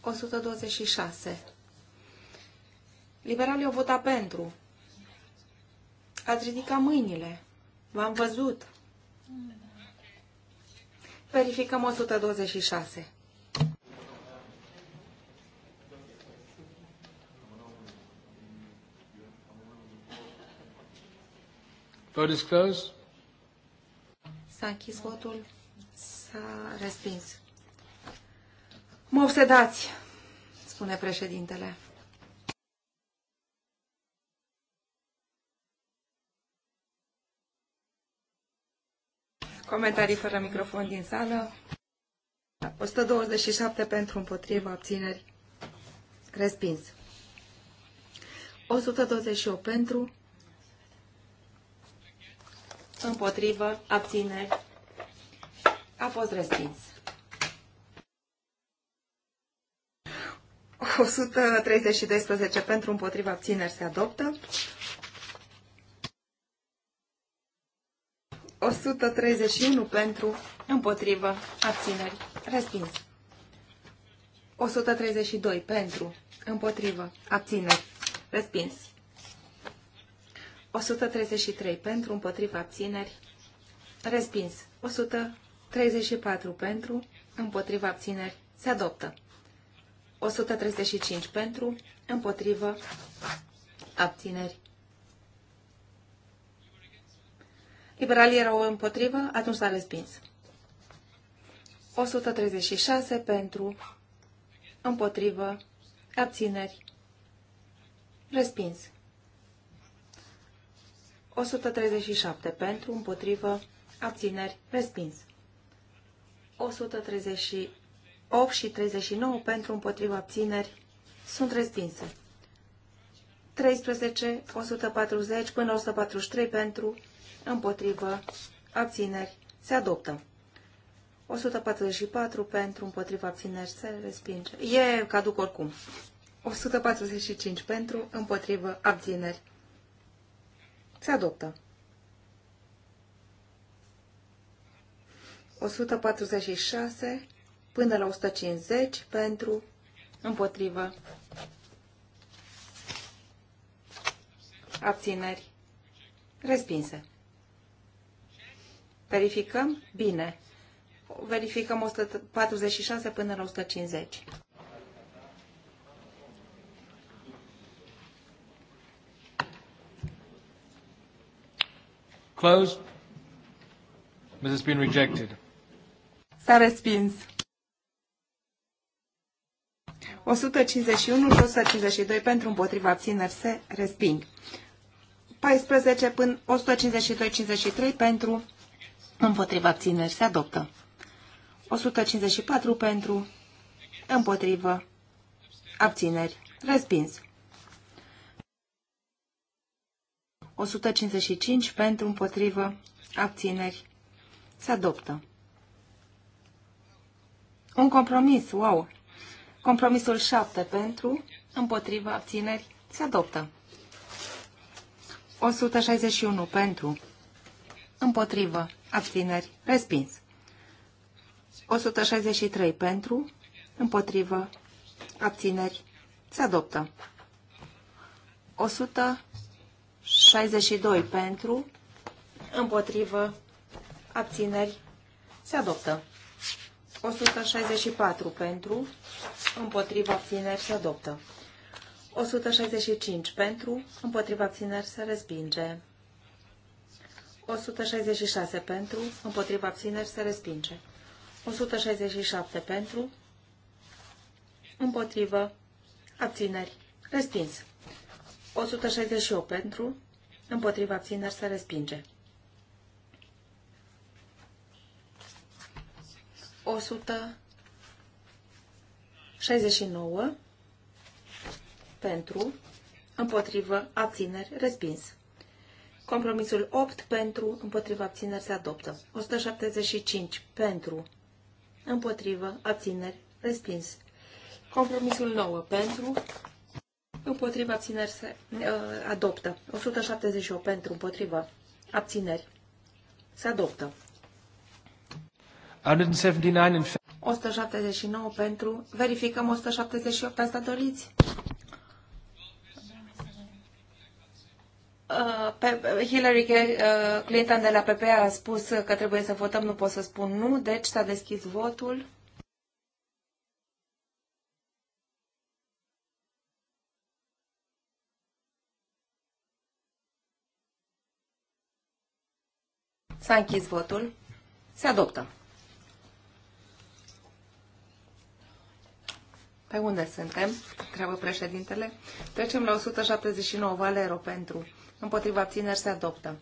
126. Liberalii au votat pentru. Ați ridicat mâinile. V-am văzut. Verificăm 126. Vote is closed. S-a închis votul. S-a respins. Mă obsedați, spune președintele. Comentarii fără microfon din sală. 127 pentru împotriva abțineri. Respins. 128 pentru împotrivă, abține, a fost respins. 130 pentru împotriva abțineri se adoptă. 131 pentru împotrivă abțineri respins. 132 pentru împotrivă abțineri respins. 133 pentru, împotriva abțineri, respins. 134 pentru, împotriva abțineri, se adoptă. 135 pentru, împotriva abțineri. Liberalii erau împotrivă, atunci s-a respins. 136 pentru, împotrivă, abțineri, respins. 137 pentru, împotrivă, abțineri, respins. 138 și 39 pentru, împotrivă, abțineri, sunt respinse. 13, 140 până 143 pentru, împotrivă, abțineri, se adoptă. 144 pentru, împotrivă, abțineri, se respinge. E caduc oricum. 145 pentru, împotrivă, abțineri, se adoptă. 146 până la 150 pentru împotrivă abțineri respinse. Verificăm? Bine. Verificăm 146 până la 150. Closed. This has been rejected. S-a respins. 151 și 152 pentru împotriva abțineri se resping. 14 până 152-53 pentru împotriva abțineri se adoptă. 154 pentru împotrivă abțineri respins. 155 pentru împotrivă abțineri se adoptă. Un compromis, wow! Compromisul 7 pentru împotrivă abțineri se adoptă. 161 pentru împotrivă abțineri respins. 163 pentru împotrivă abțineri se adoptă. 100 62 pentru, împotrivă, abțineri, se adoptă. 164 pentru, împotriva abțineri se adoptă. 165 pentru, împotriva abțineri se respinge. 166 pentru, împotriva abțineri se respinge. 167 pentru, împotrivă, abțineri, respins. 168 pentru, împotriva abțineri se respinge. 169 pentru, împotrivă, abțineri, respins. Compromisul 8 pentru, împotriva abțineri se adoptă. 175 pentru, împotrivă, abțineri, respins. Compromisul 9 pentru, împotriva abțineri se uh, adoptă. 178 pentru, împotriva abțineri se adoptă. 179 pentru. Verificăm 178, asta doriți? Uh, pe Hillary uh, Clinton de la PPA a spus că trebuie să votăm, nu pot să spun nu, deci s-a deschis votul. S-a închis votul. Se adoptă. Pe unde suntem? Treabă președintele. Trecem la 179 Valero pentru. Împotriva abțineri se adoptă.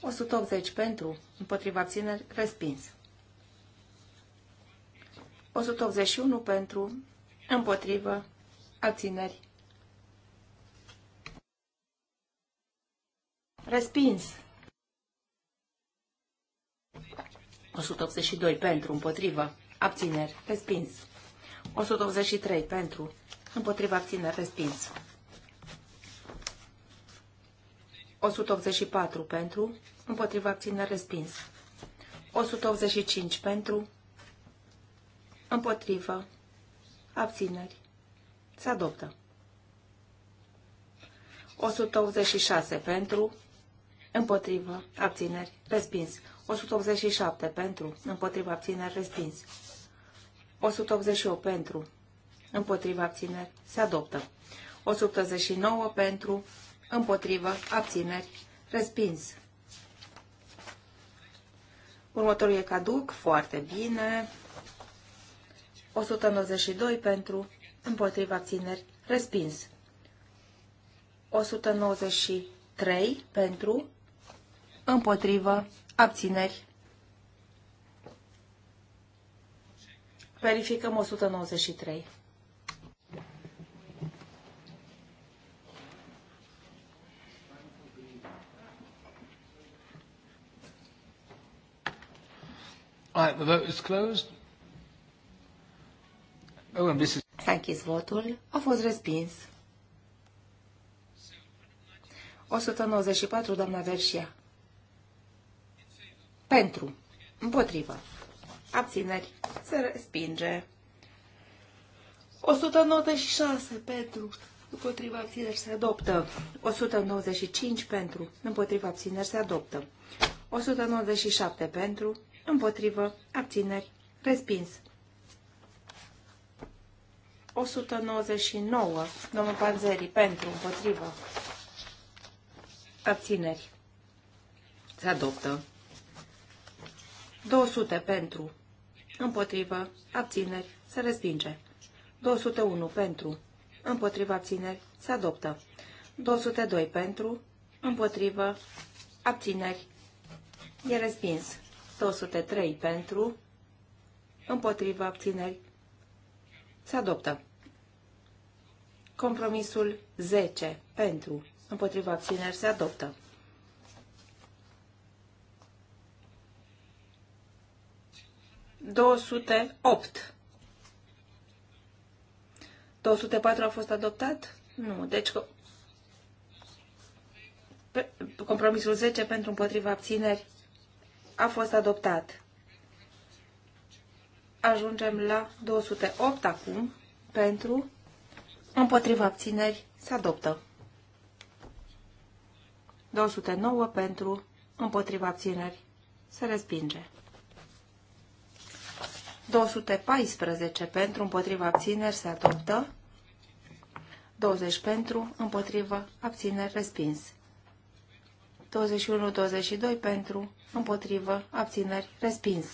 180 pentru. Împotriva abțineri respins. 181 pentru. Împotrivă abțineri. Respins. 182 pentru, împotrivă, abțineri, respins. 183 pentru, împotrivă, abțineri, respins. 184 pentru, împotrivă, abțineri, respins. 185 pentru, împotrivă, abțineri, se adoptă. 186 pentru, împotrivă, abțineri, respins. 187 pentru, împotriva abțineri respins. 188 pentru, împotriva abțineri se adoptă. 189 pentru, împotriva abțineri, respins. Următorul e caduc, foarte bine. 192 pentru, împotriva abțineri, respins. 193 pentru, împotrivă, Abțineri. Verificăm 193. Right, the vote is closed. Oh, and this is... Thank you. votul. A fost respins. 194, doamna Versia. Pentru. Împotrivă. Abțineri. Se respinge. 196 pentru. Împotriva abțineri se adoptă. 195 pentru. Împotriva abțineri se adoptă. 197 pentru. Împotrivă. Abțineri. Respins. 199. Domnul Panzeri. Pentru. Împotrivă. Abțineri. Se adoptă. 200 pentru, împotrivă, abțineri, se respinge. 201 pentru, împotrivă, abțineri, se adoptă. 202 pentru, împotrivă, abțineri, e respins. 203 pentru, împotrivă, abțineri, se adoptă. Compromisul 10 pentru, împotrivă, abțineri, se adoptă. 208. 204 a fost adoptat? Nu. Deci compromisul 10 pentru împotriva abțineri a fost adoptat. Ajungem la 208 acum pentru împotriva abțineri se adoptă. 209 pentru împotriva abțineri se respinge. 214 pentru, împotriva abțineri se adoptă. 20 pentru, împotriva abțineri respins. 21-22 pentru, împotriva abțineri, respins.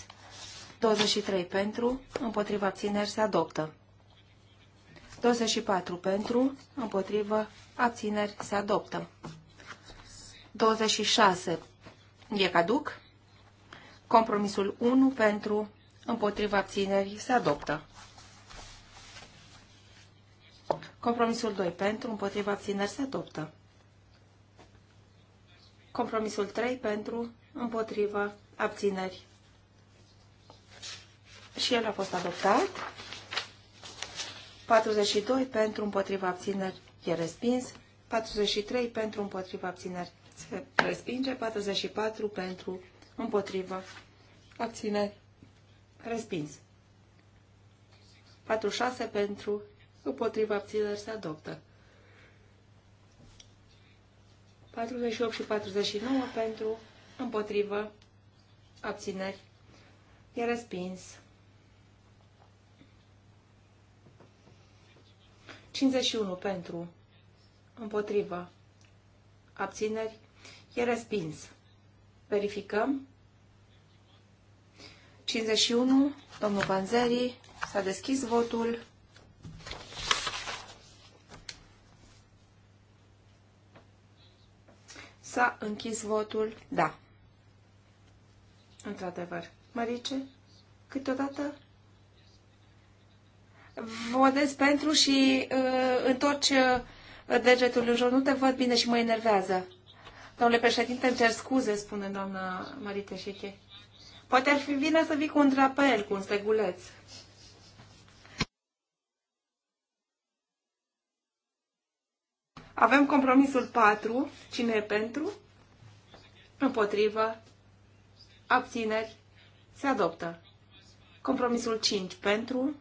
23 pentru, împotriva abțineri, se adoptă. 24 pentru, împotriva abțineri, se adoptă. 26 e caduc. Compromisul 1 pentru, împotriva abținerii, se adoptă. Compromisul 2 pentru, împotriva abțineri, se adoptă. Compromisul 3 pentru, împotriva abțineri. Și el a fost adoptat. 42 pentru, împotriva abțineri, e respins. 43 pentru, împotriva abțineri, se respinge. 44 pentru, împotriva abțineri Respins. 46 pentru, împotriva abțineri se adoptă. 48 și 49 pentru, împotrivă, abțineri, e respins. 51 pentru, împotrivă, abțineri, e respins. Verificăm. 51, domnul Banzeri, s-a deschis votul. S-a închis votul, da. Într-adevăr. Mărice, câteodată votez pentru și uh, întorci uh, degetul în jur. Nu te văd bine și mă enervează. Domnule președinte, îmi cer scuze, spune doamna Marite Șeche. Poate ar fi bine să vii cu un drapel, cu un steguleț. Avem compromisul 4. Cine e pentru? Împotrivă. Abțineri. Se adoptă. Compromisul 5. Pentru.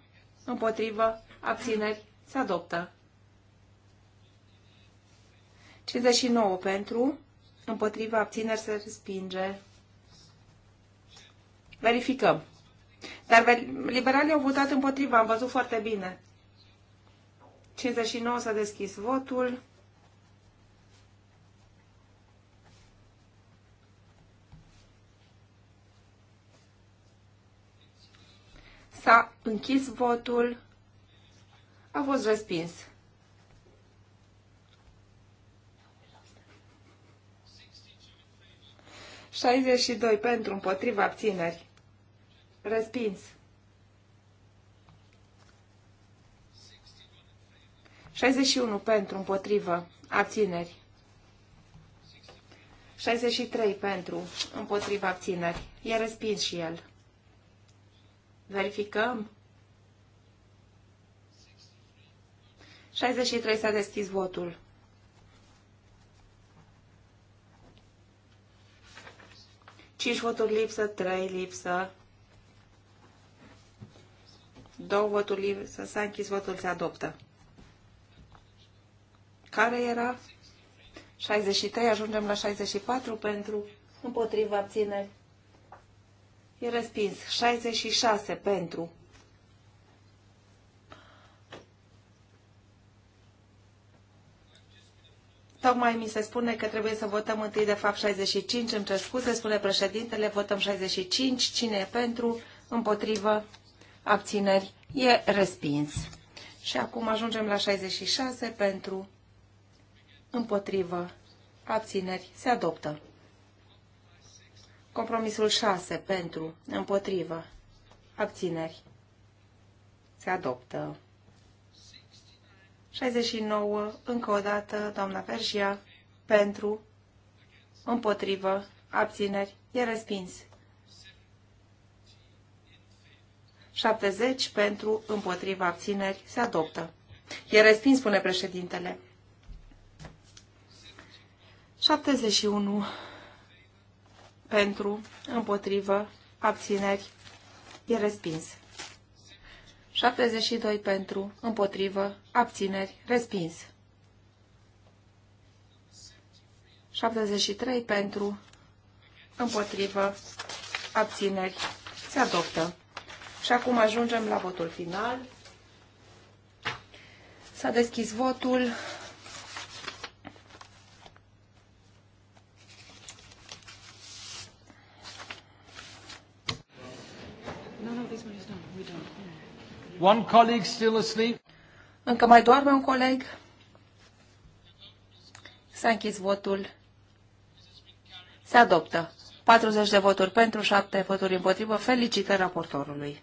Împotrivă. Abțineri. Se adoptă. 59 pentru. Împotrivă. Abțineri. Se respinge. Verificăm. Dar liberalii au votat împotriva, am văzut foarte bine. 59 s-a deschis votul. S-a închis votul. A fost respins. Șaizeci și doi pentru împotriva abțineri. Respins. 61 pentru, împotrivă, abțineri. 63 pentru, împotriva abțineri. E respins și el. Verificăm. 63 s-a deschis votul. Cinci voturi lipsă, trei lipsă. Două voturi, să s-a închis votul, se adoptă. Care era? 63, ajungem la 64 pentru împotriva abțineri. E respins. 66 pentru. Tocmai mi se spune că trebuie să votăm întâi, de fapt, 65. Îmi cer scuze, spune președintele, votăm 65. Cine e pentru? Împotrivă? abțineri, e respins. Și acum ajungem la 66 pentru, împotrivă, abțineri, se adoptă. Compromisul 6 pentru, împotrivă, abțineri, se adoptă. 69, încă o dată, doamna Persia, pentru, împotrivă, abțineri, e respins. 70 pentru, împotriva abțineri, se adoptă. E respins, spune președintele. 71 pentru, împotrivă, abțineri, e respins. 72 pentru, împotrivă, abțineri, respins. 73 pentru, împotrivă, abțineri, se adoptă. Și acum ajungem la votul final. S-a deschis votul. One colleague still asleep. Încă mai doarme un coleg. S-a închis votul. Se adoptă. 40 de voturi pentru, 7 voturi împotrivă. Felicitări raportorului.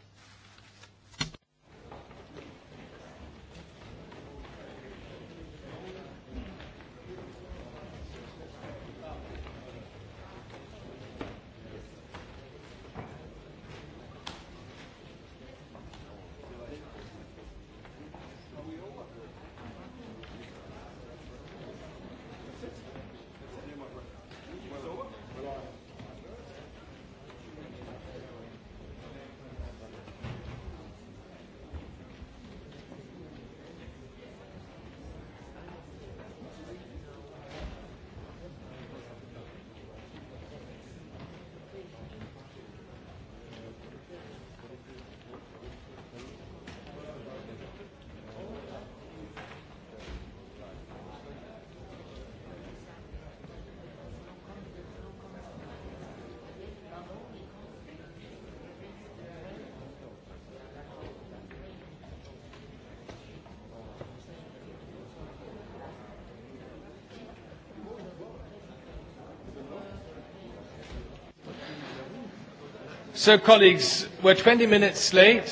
So, colleagues, we're 20 minutes late.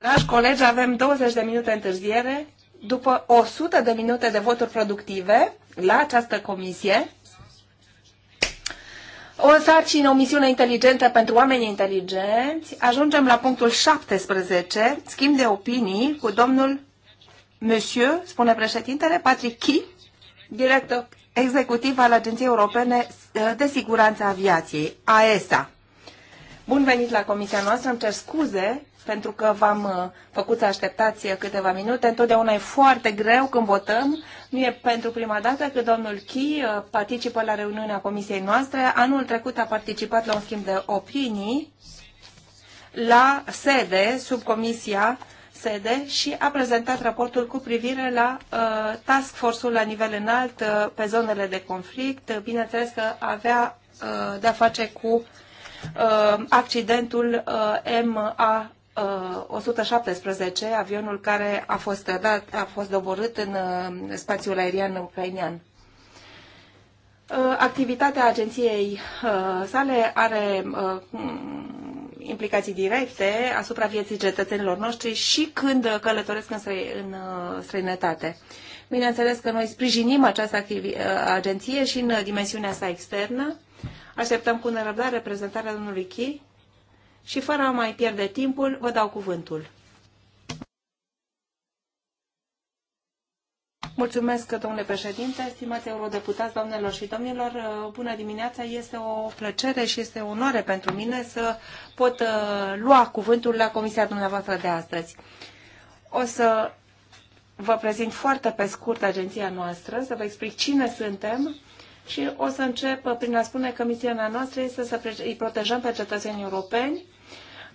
Dragi colegi, avem 20 de minute întârziere după 100 de minute de voturi productive la această comisie. O sarcină, o misiune inteligentă pentru oameni inteligenți. Ajungem la punctul 17, schimb de opinii cu domnul Monsieur, spune președintele, Patrick Key, director executiv al Agenției Europene de Siguranță Aviației, AESA. Bun venit la comisia noastră, îmi cer scuze pentru că v-am uh, făcut să așteptați uh, câteva minute. Întotdeauna e foarte greu când votăm. Nu e pentru prima dată că domnul Chi uh, participă la reuniunea comisiei noastre. Anul trecut a participat la un schimb de opinii la sede, sub comisia sede și a prezentat raportul cu privire la uh, task force-ul la nivel înalt uh, pe zonele de conflict. Bineînțeles că avea uh, de-a face cu uh, uh, accidentul uh, MA. 117, uh, avionul care a fost, dat, a fost doborât în uh, spațiul aerian ucrainean. Uh, activitatea agenției sale are implicații directe asupra vieții cetățenilor noștri și când călătoresc în, stră- în străinătate. Bineînțeles că noi sprijinim această agenție și în dimensiunea sa externă Așteptăm cu nerăbdare prezentarea domnului Chi și fără a mai pierde timpul, vă dau cuvântul. Mulțumesc, domnule președinte, stimați eurodeputați, doamnelor și domnilor. Bună dimineața! Este o plăcere și este o onoare pentru mine să pot uh, lua cuvântul la comisia dumneavoastră de astăzi. O să vă prezint foarte pe scurt agenția noastră, să vă explic cine suntem și o să încep prin a spune că misiunea noastră este să îi protejăm pe cetățenii europeni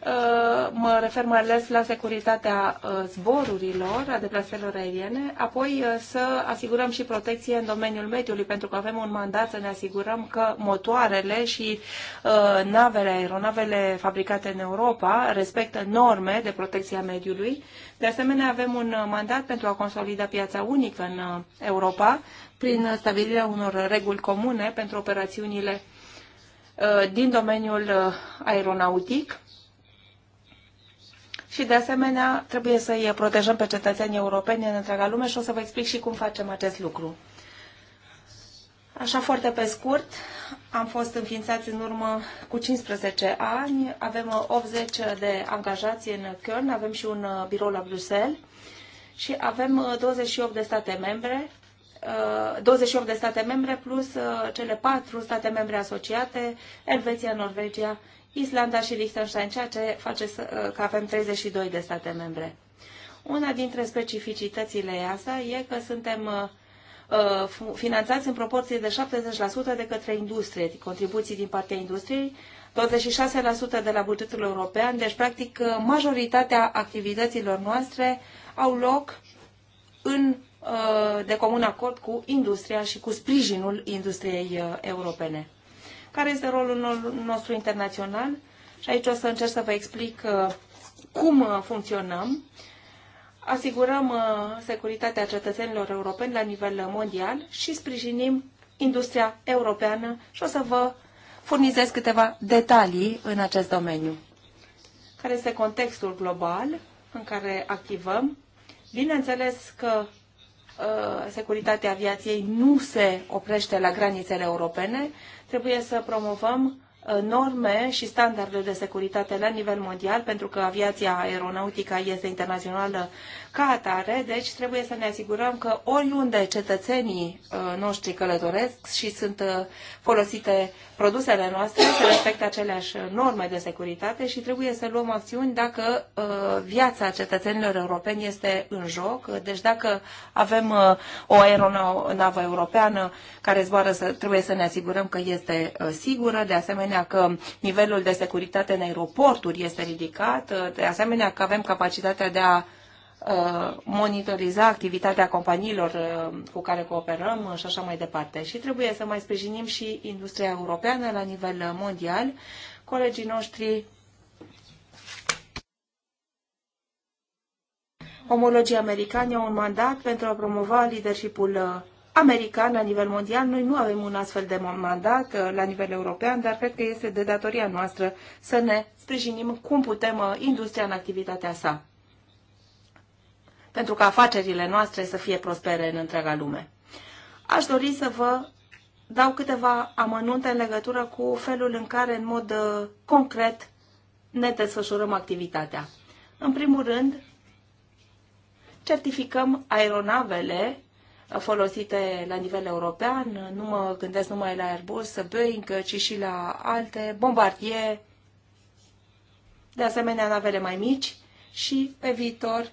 Uh, mă refer mai ales la securitatea uh, zborurilor, a deplaselor aeriene, apoi uh, să asigurăm și protecție în domeniul mediului, pentru că avem un mandat să ne asigurăm că motoarele și navele, aeronavele fabricate în Europa respectă norme de protecție a mediului. De asemenea, avem un mandat pentru a consolida piața unică în Europa prin stabilirea unor reguli comune pentru operațiunile din domeniul aeronautic și, de asemenea, trebuie să îi protejăm pe cetățenii europeni în întreaga lume și o să vă explic și cum facem acest lucru. Așa foarte pe scurt, am fost înființați în urmă cu 15 ani, avem 80 de angajați în Köln, avem și un birou la Bruxelles și avem 28 de state membre, 28 uh, de state membre plus uh, cele 4 state membre asociate, Elveția, Norvegia Islanda și Liechtenstein, ceea ce face să, uh, că avem 32 de state membre. Una dintre specificitățile EASA e că suntem uh, uh, finanțați în proporție de 70% de către industrie, contribuții din partea industriei, 26% de la bugetul european, deci practic majoritatea activităților noastre au loc în, de comun acord cu industria și cu sprijinul industriei europene care este rolul nostru internațional și aici o să încerc să vă explic uh, cum uh, funcționăm. Asigurăm uh, securitatea cetățenilor europeni la nivel mondial și sprijinim industria europeană și o să vă furnizez câteva detalii în acest domeniu. Care este contextul global în care activăm? Bineînțeles că Uh, securitatea aviației nu se oprește la granițele europene. Trebuie să promovăm uh, norme și standarde de securitate la nivel mondial, pentru că aviația aeronautică este internațională ca atare, deci, trebuie să ne asigurăm că oriunde cetățenii uh, noștri călătoresc și sunt uh, folosite produsele noastre, se respectă aceleași uh, norme de securitate și trebuie să luăm acțiuni dacă viața cetățenilor europeni este în joc. Deci dacă avem o aeronavă europeană care zboară, trebuie să ne asigurăm că este sigură, de asemenea că nivelul de securitate în aeroporturi este ridicat, de asemenea că avem capacitatea de a Uh, monitoriza activitatea companiilor uh, cu care cooperăm și așa mai departe. Și trebuie să mai sprijinim și industria europeană la nivel mondial. Colegii noștri omologii americani au un mandat pentru a promova leadership-ul uh, american la nivel mondial. Noi nu avem un astfel de mandat la nivel european, dar cred că este de datoria noastră să ne sprijinim cum putem industria în activitatea sa pentru ca afacerile noastre să fie prospere în întreaga lume. Aș dori să vă dau câteva amănunte în legătură cu felul în care, în mod uh, concret, ne desfășurăm activitatea. În primul rând, certificăm aeronavele uh, folosite la nivel european, uh, nu mă gândesc numai la Airbus, Boeing, ci și la alte, Bombardier, de asemenea navele mai mici și pe viitor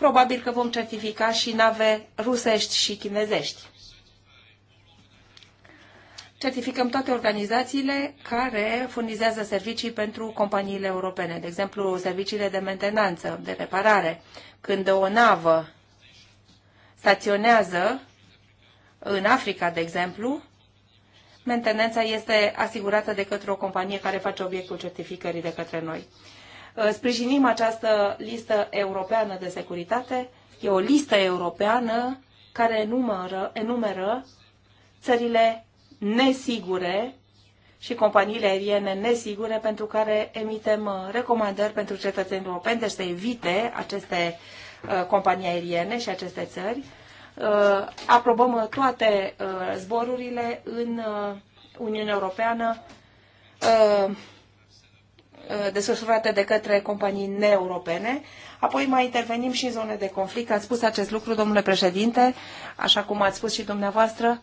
probabil că vom certifica și nave rusești și chinezești. Certificăm toate organizațiile care furnizează servicii pentru companiile europene, de exemplu serviciile de mentenanță, de reparare. Când o navă staționează în Africa, de exemplu, mentenența este asigurată de către o companie care face obiectul certificării de către noi. Uh, sprijinim această listă europeană de securitate. E o listă europeană care enumără, enumeră țările nesigure și companiile aeriene nesigure pentru care emitem uh, recomandări pentru cetățenii europeni, deci să evite aceste uh, companii aeriene și aceste țări. Aprobăm toate zborurile în Uniunea Europeană Uh, desfășurate de către companii neeuropene. Apoi mai intervenim și în zone de conflict. Ați spus acest lucru, domnule președinte, așa cum ați spus și dumneavoastră.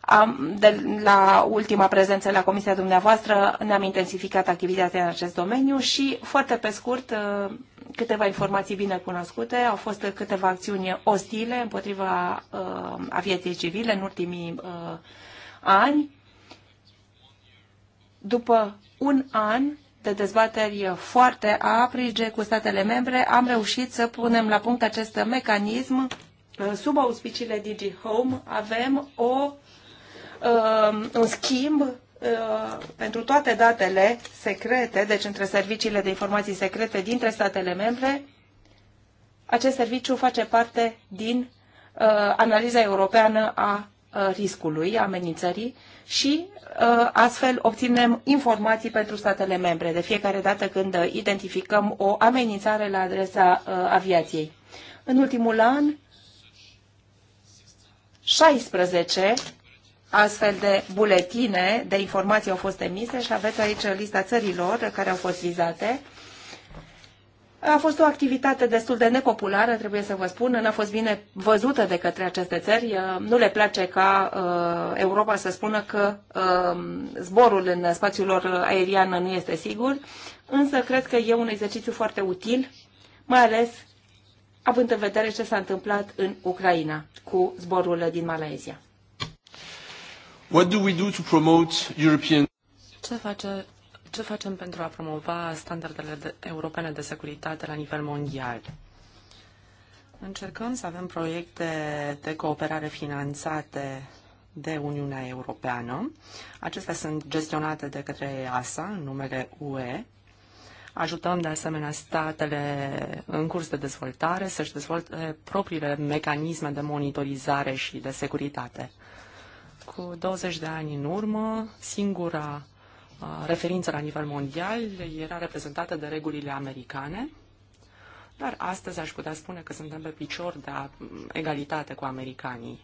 Am, de la ultima prezență la comisia dumneavoastră ne-am intensificat activitatea în acest domeniu și, foarte pe scurt, uh, câteva informații bine cunoscute. Au fost câteva acțiuni ostile împotriva uh, aviației civile în ultimii uh, ani. După un an de dezbateri foarte aprige cu statele membre, am reușit să punem la punct acest mecanism. Uh, sub auspiciile Digi Home avem o, um, un schimb uh, pentru toate datele secrete, deci între serviciile de informații secrete dintre statele membre. Acest serviciu face parte din uh, analiza europeană a riscului, amenințării și Uh, astfel obținem informații pentru statele membre de fiecare dată când uh, identificăm o amenințare la adresa uh, aviației. În ultimul an, 16 astfel de buletine de informații au fost emise și aveți aici lista țărilor care au fost vizate. A fost o activitate destul de nepopulară, trebuie să vă spun, n-a fost bine văzută de către aceste țări. Uh, nu le place ca uh, Europa să spună că uh, zborul în spațiul lor aerian nu este sigur, însă cred că e un exercițiu foarte util, mai ales având în vedere ce s-a întâmplat în Ucraina cu zborul din Malaezia. What do we do to promote European... Ce face ce facem pentru a promova standardele de, europene de securitate la nivel mondial? Încercăm să avem proiecte de cooperare finanțate de Uniunea Europeană. Acestea sunt gestionate de către EASA în numele UE. Ajutăm de asemenea statele în curs de dezvoltare să-și dezvolte propriile mecanisme de monitorizare și de securitate. Cu 20 de ani în urmă, singura referință la nivel mondial era reprezentată de regulile americane, dar astăzi aș putea spune că suntem pe picior de egalitate cu americanii.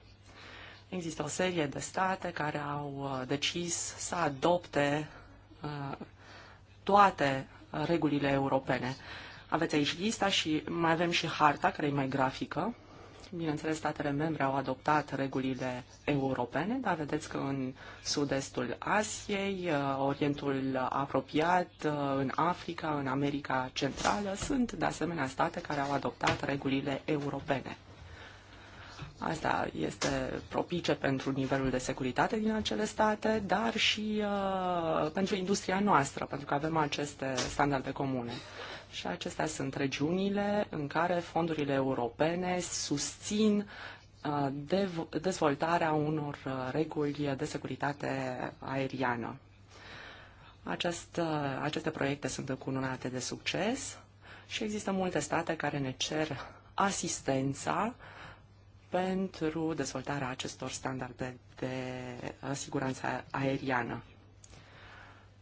Există o serie de state care au decis să adopte toate regulile europene. Aveți aici lista și mai avem și harta, care e mai grafică. Bineînțeles, statele membre au adoptat regulile europene, dar vedeți că în sud-estul Asiei, uh, Orientul apropiat, uh, în Africa, în America Centrală, sunt de asemenea state care au adoptat regulile europene. Asta este propice pentru nivelul de securitate din acele state, dar și uh, pentru industria noastră, pentru că avem aceste standarde comune și acestea sunt regiunile în care fondurile europene susțin uh, dezvoltarea unor uh, reguli de securitate aeriană. Acest, uh, aceste proiecte sunt încununate de succes și există multe state care ne cer asistența pentru dezvoltarea acestor standarde de siguranță aeriană.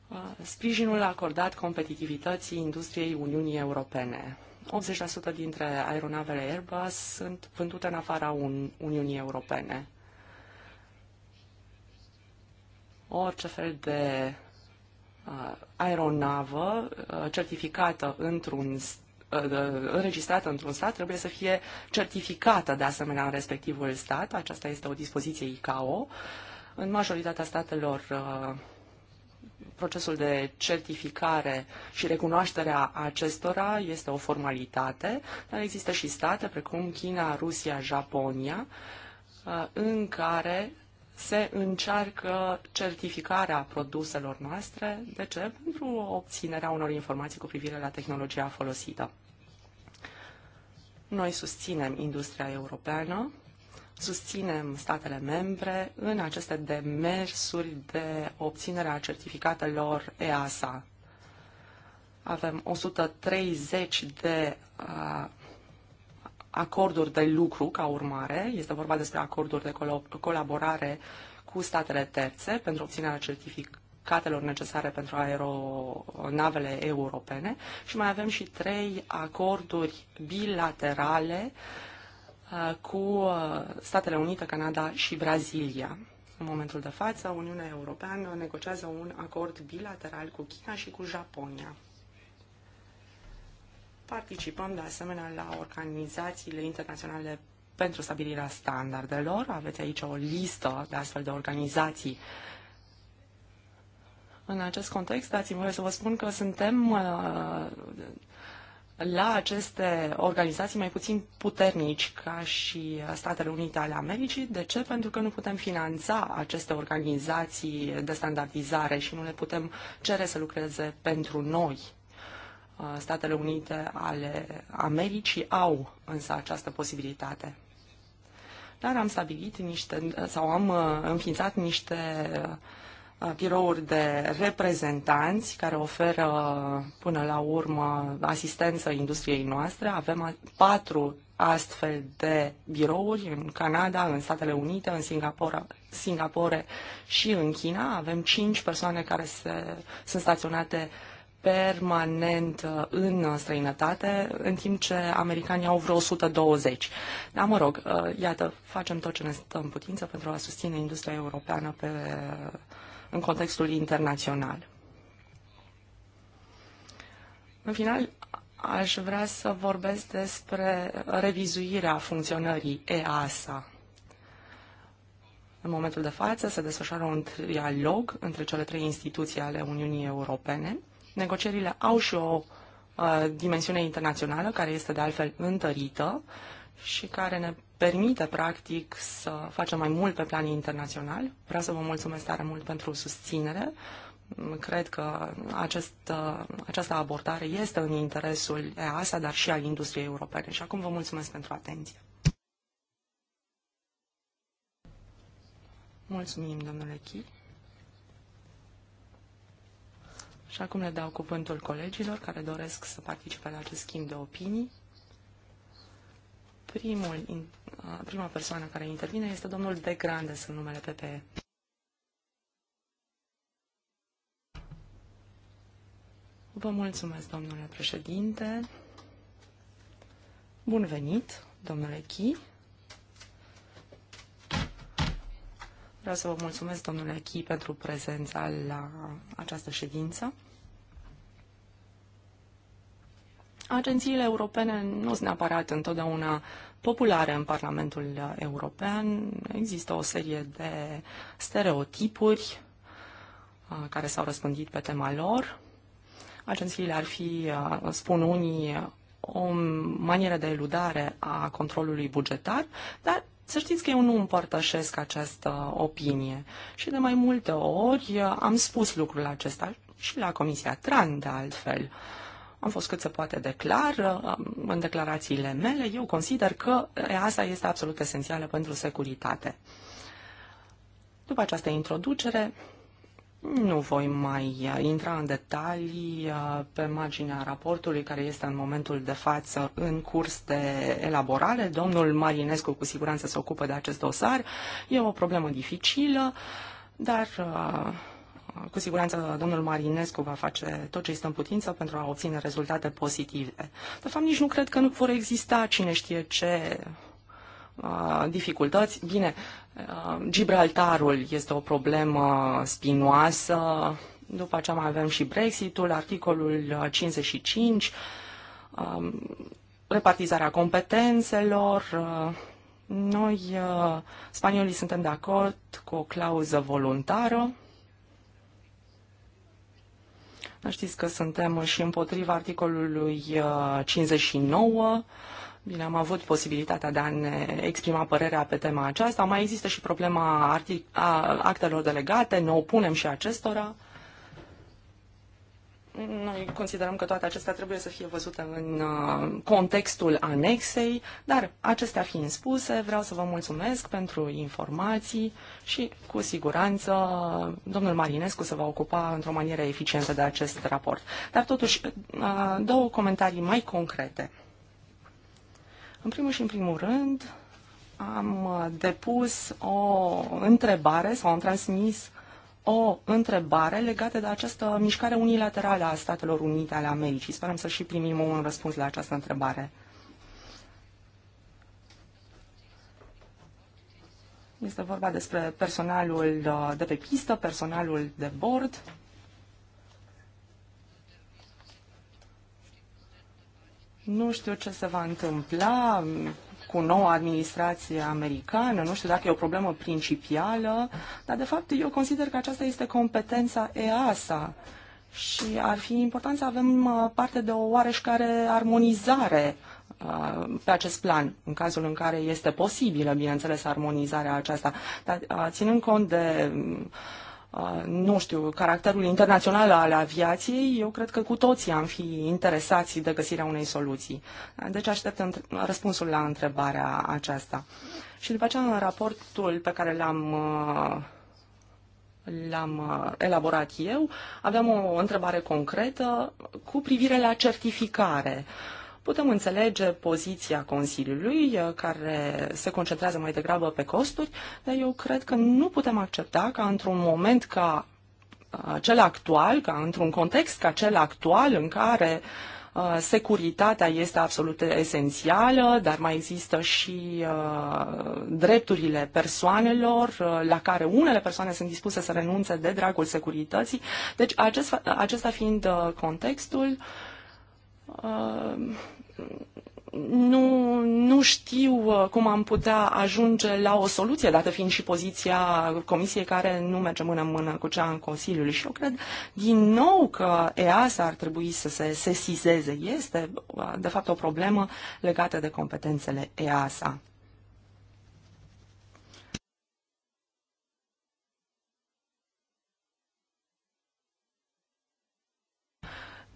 Uh, sprijinul acordat competitivității industriei Uniunii Europene. 80% dintre aeronavele Airbus sunt vândute în afara Un Uniunii Europene. Orice fel de uh, aeronavă uh, certificată într-un înregistrată într-un stat trebuie să fie certificată de asemenea în respectivul stat. Aceasta este o dispoziție ICAO. În majoritatea statelor procesul de certificare și recunoașterea acestora este o formalitate, dar există și state precum China, Rusia, Japonia, uh, în care se încearcă certificarea produselor noastre. De ce? Pentru obținerea unor informații cu privire la tehnologia folosită. Noi susținem industria europeană susținem statele membre în aceste demersuri de obținere a certificatelor EASA. Avem 130 de uh, acorduri de lucru ca urmare. Este vorba despre acorduri de colaborare cu statele terțe pentru obținerea certificatelor necesare pentru aeronavele europene și mai avem și trei acorduri bilaterale uh, Uh, cu uh, Statele Unite, Canada și Brazilia. În momentul de față, Uniunea Europeană negociază un acord bilateral cu China și cu Japonia. Participăm de asemenea la organizațiile internaționale pentru stabilirea standardelor. Aveți aici o listă de astfel de organizații. În acest context, dați-mi voie să vă spun că suntem uh, la aceste organizații mai puțin puternici ca și Statele Unite ale Americii. De ce? Pentru că nu putem finanța aceste organizații de standardizare și nu le putem cere să lucreze pentru noi. Statele Unite ale Americii au însă această posibilitate. Dar am stabilit niște, sau am uh, înființat niște uh, Uh, birouri de reprezentanți care oferă uh, până la urmă asistență industriei noastre. Avem patru astfel de birouri în Canada, în Statele Unite, în Singapore, Singapore și în China. Avem cinci persoane care se, sunt staționate permanent uh, în străinătate, în timp ce americanii au vreo 120. Dar, mă rog, iată, facem tot ce ne stăm putință pentru a susține industria europeană pe în contextul internațional. În final, aș vrea să vorbesc despre revizuirea funcționării EASA. În momentul de față se desfășoară un trialog între cele trei instituții ale Uniunii Europene. Negocierile au și o uh, dimensiune internațională, care este de altfel întărită și care ne permite, practic, să facem mai mult pe plan internațional. Vreau să vă mulțumesc tare mult pentru susținere. Cred că acest, această abordare este în interesul EASA, dar și al industriei europene. Și acum vă mulțumesc pentru atenție. Mulțumim, domnule Chi. Și acum le dau cuvântul colegilor care doresc să participe la acest schimb de opinii primul, prima persoană care intervine este domnul De Grande, sunt numele PPE. Vă mulțumesc, domnule președinte. Bun venit, domnule Chi. Vreau să vă mulțumesc, domnule Chi, pentru prezența la această ședință. Agențiile europene nu sunt neapărat întotdeauna populare în Parlamentul European. Există o serie de stereotipuri uh, care s-au răspândit pe tema lor. Agențiile ar fi, uh, spun unii, o manieră de eludare a controlului bugetar, dar să știți că eu nu împărtășesc această opinie și de mai multe ori uh, am spus lucrul acesta și la Comisia Tran, de altfel. Uh, am fost cât se poate clar în declarațiile mele. Eu consider că asta este absolut esențială pentru securitate. După această introducere, nu voi mai uh, intra în detalii uh, pe marginea raportului care este în momentul de față în curs de elaborare. Domnul Marinescu cu siguranță se ocupă de acest dosar. E o problemă dificilă, dar uh, cu siguranță domnul Marinescu va face tot ce este în putință pentru a obține rezultate pozitive. De fapt, nici nu cred că nu vor exista cine știe ce uh, dificultăți. Bine, uh, Gibraltarul este o problemă spinoasă, după aceea mai avem și Brexitul, articolul 55, uh, um, repartizarea competențelor. Noi, spaniolii, suntem de acord cu o clauză voluntară Știți că suntem și împotriva articolului 59. Uh, Bine, am avut posibilitatea de a ne exprima părerea pe tema aceasta. Mai există și problema actelor delegate, ne opunem și acestora. Noi considerăm că toate acestea trebuie să fie văzute în uh, contextul anexei, dar acestea fiind spuse, vreau să vă mulțumesc pentru informații și cu siguranță domnul Marinescu se va ocupa într-o manieră eficientă de acest raport. Dar totuși, uh, două comentarii mai concrete. În primul și în primul rând, am uh, depus o întrebare sau am transmis o întrebare legată de această mișcare unilaterală a Statelor Unite ale Americii. Sperăm să și primim un răspuns la această întrebare. Este vorba despre personalul uh, de pe pistă, personalul de bord. Nu știu ce se va întâmpla cu noua administrație americană, nu știu dacă e o problemă principială, dar de fapt eu consider că aceasta este competența EASA și ar fi important să avem uh, parte de o oareșcare armonizare uh, pe acest plan, în cazul în care este posibilă, bineînțeles, armonizarea aceasta. Dar uh, ținând cont de uh, nu știu, caracterul internațional al aviației, eu cred că cu toții am fi interesați de găsirea unei soluții. Deci aștept răspunsul la întrebarea aceasta. Și după aceea, în raportul pe care l-am uh, l-am uh, elaborat eu, aveam o întrebare concretă cu privire la certificare. Uh, putem înțelege poziția Consiliului, eh, care se concentrează mai degrabă pe costuri, dar eu cred că nu putem accepta ca într-un moment ca cel actual, ca într-un context ca cel actual în care eh, securitatea este absolut esențială, dar mai există și uh, drepturile persoanelor uh, la care unele persoane sunt dispuse să renunțe de dragul securității. Deci acest, acesta fiind contextul, uh, Uh, nu, nu știu uh, cum am putea ajunge la o soluție, dată fiind și poziția Comisiei care nu merge mână în mână cu cea în Consiliul. Și eu cred din nou că EASA ar trebui să se sesizeze. Este, uh, de fapt, o problemă legată de competențele EASA.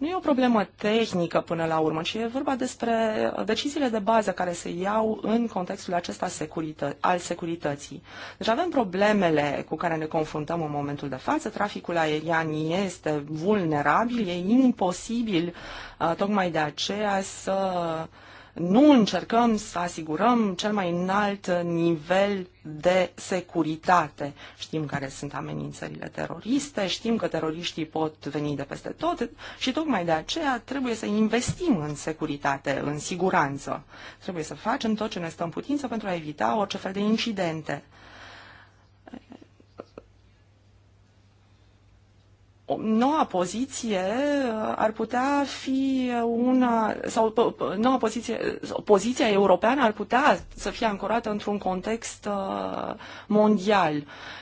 Nu e o problemă tehnică până la urmă, ci e vorba despre deciziile de bază care se iau în contextul acesta securită- al securității. Deci avem problemele cu care ne confruntăm în momentul de față. Traficul aerian este vulnerabil, e imposibil uh, tocmai de aceea să uh, nu încercăm să asigurăm cel mai înalt nivel de securitate. Știm care sunt amenințările teroriste, știm că teroriștii pot veni de peste tot și tocmai de aceea trebuie să investim în securitate, în siguranță. Trebuie să facem tot ce ne stă în putință pentru a evita orice fel de incidente. noua poziție uh, ar putea fi una, sau uh, uh, noua poziție, poziția europeană ar putea să fie ancorată într-un context mondial.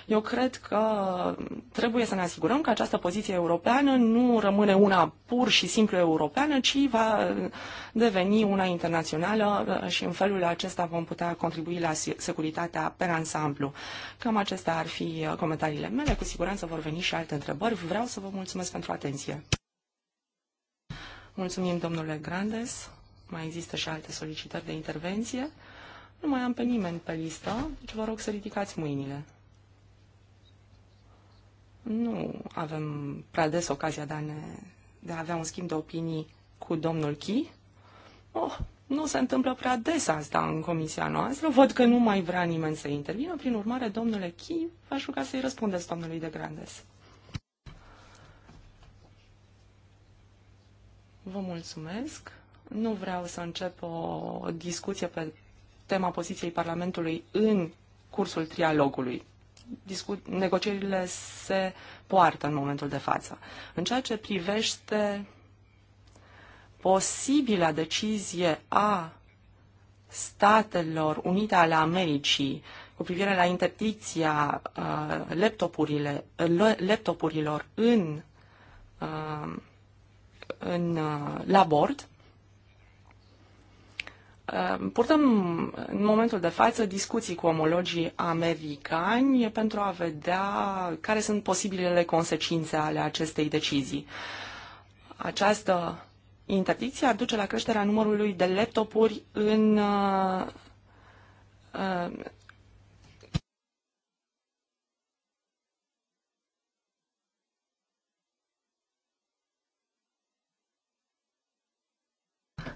Eu cred că trebuie să ne asigurăm că această poziție europeană nu rămâne una pur și simplu europeană, ci va deveni una internațională uh, și în felul acesta vom putea contribui la securitatea pe ansamblu. Cam acestea ar fi uh, comentariile mele. Cu siguranță vor veni și alte întrebări. Vreau să vă mulțumesc pentru atenție. Mulțumim, domnule Grandes. Mai există și alte solicitări de intervenție. Nu mai am pe nimeni pe listă, deci vă rog să ridicați mâinile. Nu avem prea des ocazia de a, ne, de a avea un schimb de opinii cu domnul Chi. Oh, nu se întâmplă prea des asta în comisia noastră. Văd că nu mai vrea nimeni să intervină. Prin urmare, domnule Chi, aș ruga să-i răspundeți domnului de Grandes. Vă mulțumesc. Nu vreau să încep o discuție pe tema poziției Parlamentului în cursul trialogului. Discu- negocierile se poartă în momentul de față. În ceea ce privește posibilă decizie a Statelor Unite ale Americii cu privire la interdicția uh, laptopurile, laptopurilor în, uh, în uh, la bord, uh, Purtăm în momentul de față discuții cu omologii americani pentru a vedea care sunt posibilele consecințe ale acestei decizii. Această interdicție ar duce la creșterea numărului de laptopuri în uh, uh,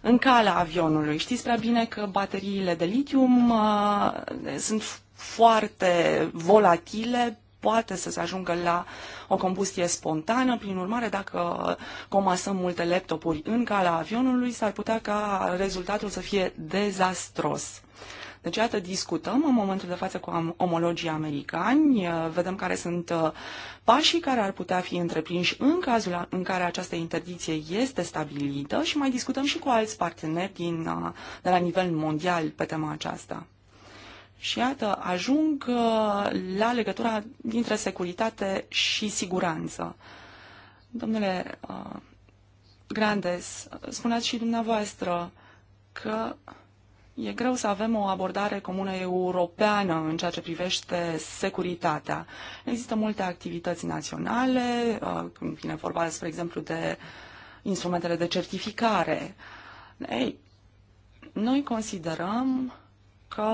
în calea avionului. Știți prea bine că bateriile de litium uh, sunt foarte volatile, poate să se ajungă la o combustie spontană. Prin urmare, dacă comasăm multe laptopuri în cala avionului, s-ar putea ca rezultatul să fie dezastros. Deci, iată, discutăm în momentul de față cu omologii americani, eh, vedem care sunt eh, pașii care ar putea fi întreprinși în cazul în care această interdicție este stabilită și mai discutăm și cu alți parteneri din, eh, de la nivel mondial pe tema aceasta. Și iată, ajung uh, la legătura dintre securitate și siguranță. Domnule uh, Grandes, spuneați și dumneavoastră că e greu să avem o abordare comună europeană în ceea ce privește securitatea. Există multe activități naționale, uh, când vine vorba, spre exemplu, de instrumentele de certificare. Ei, noi considerăm că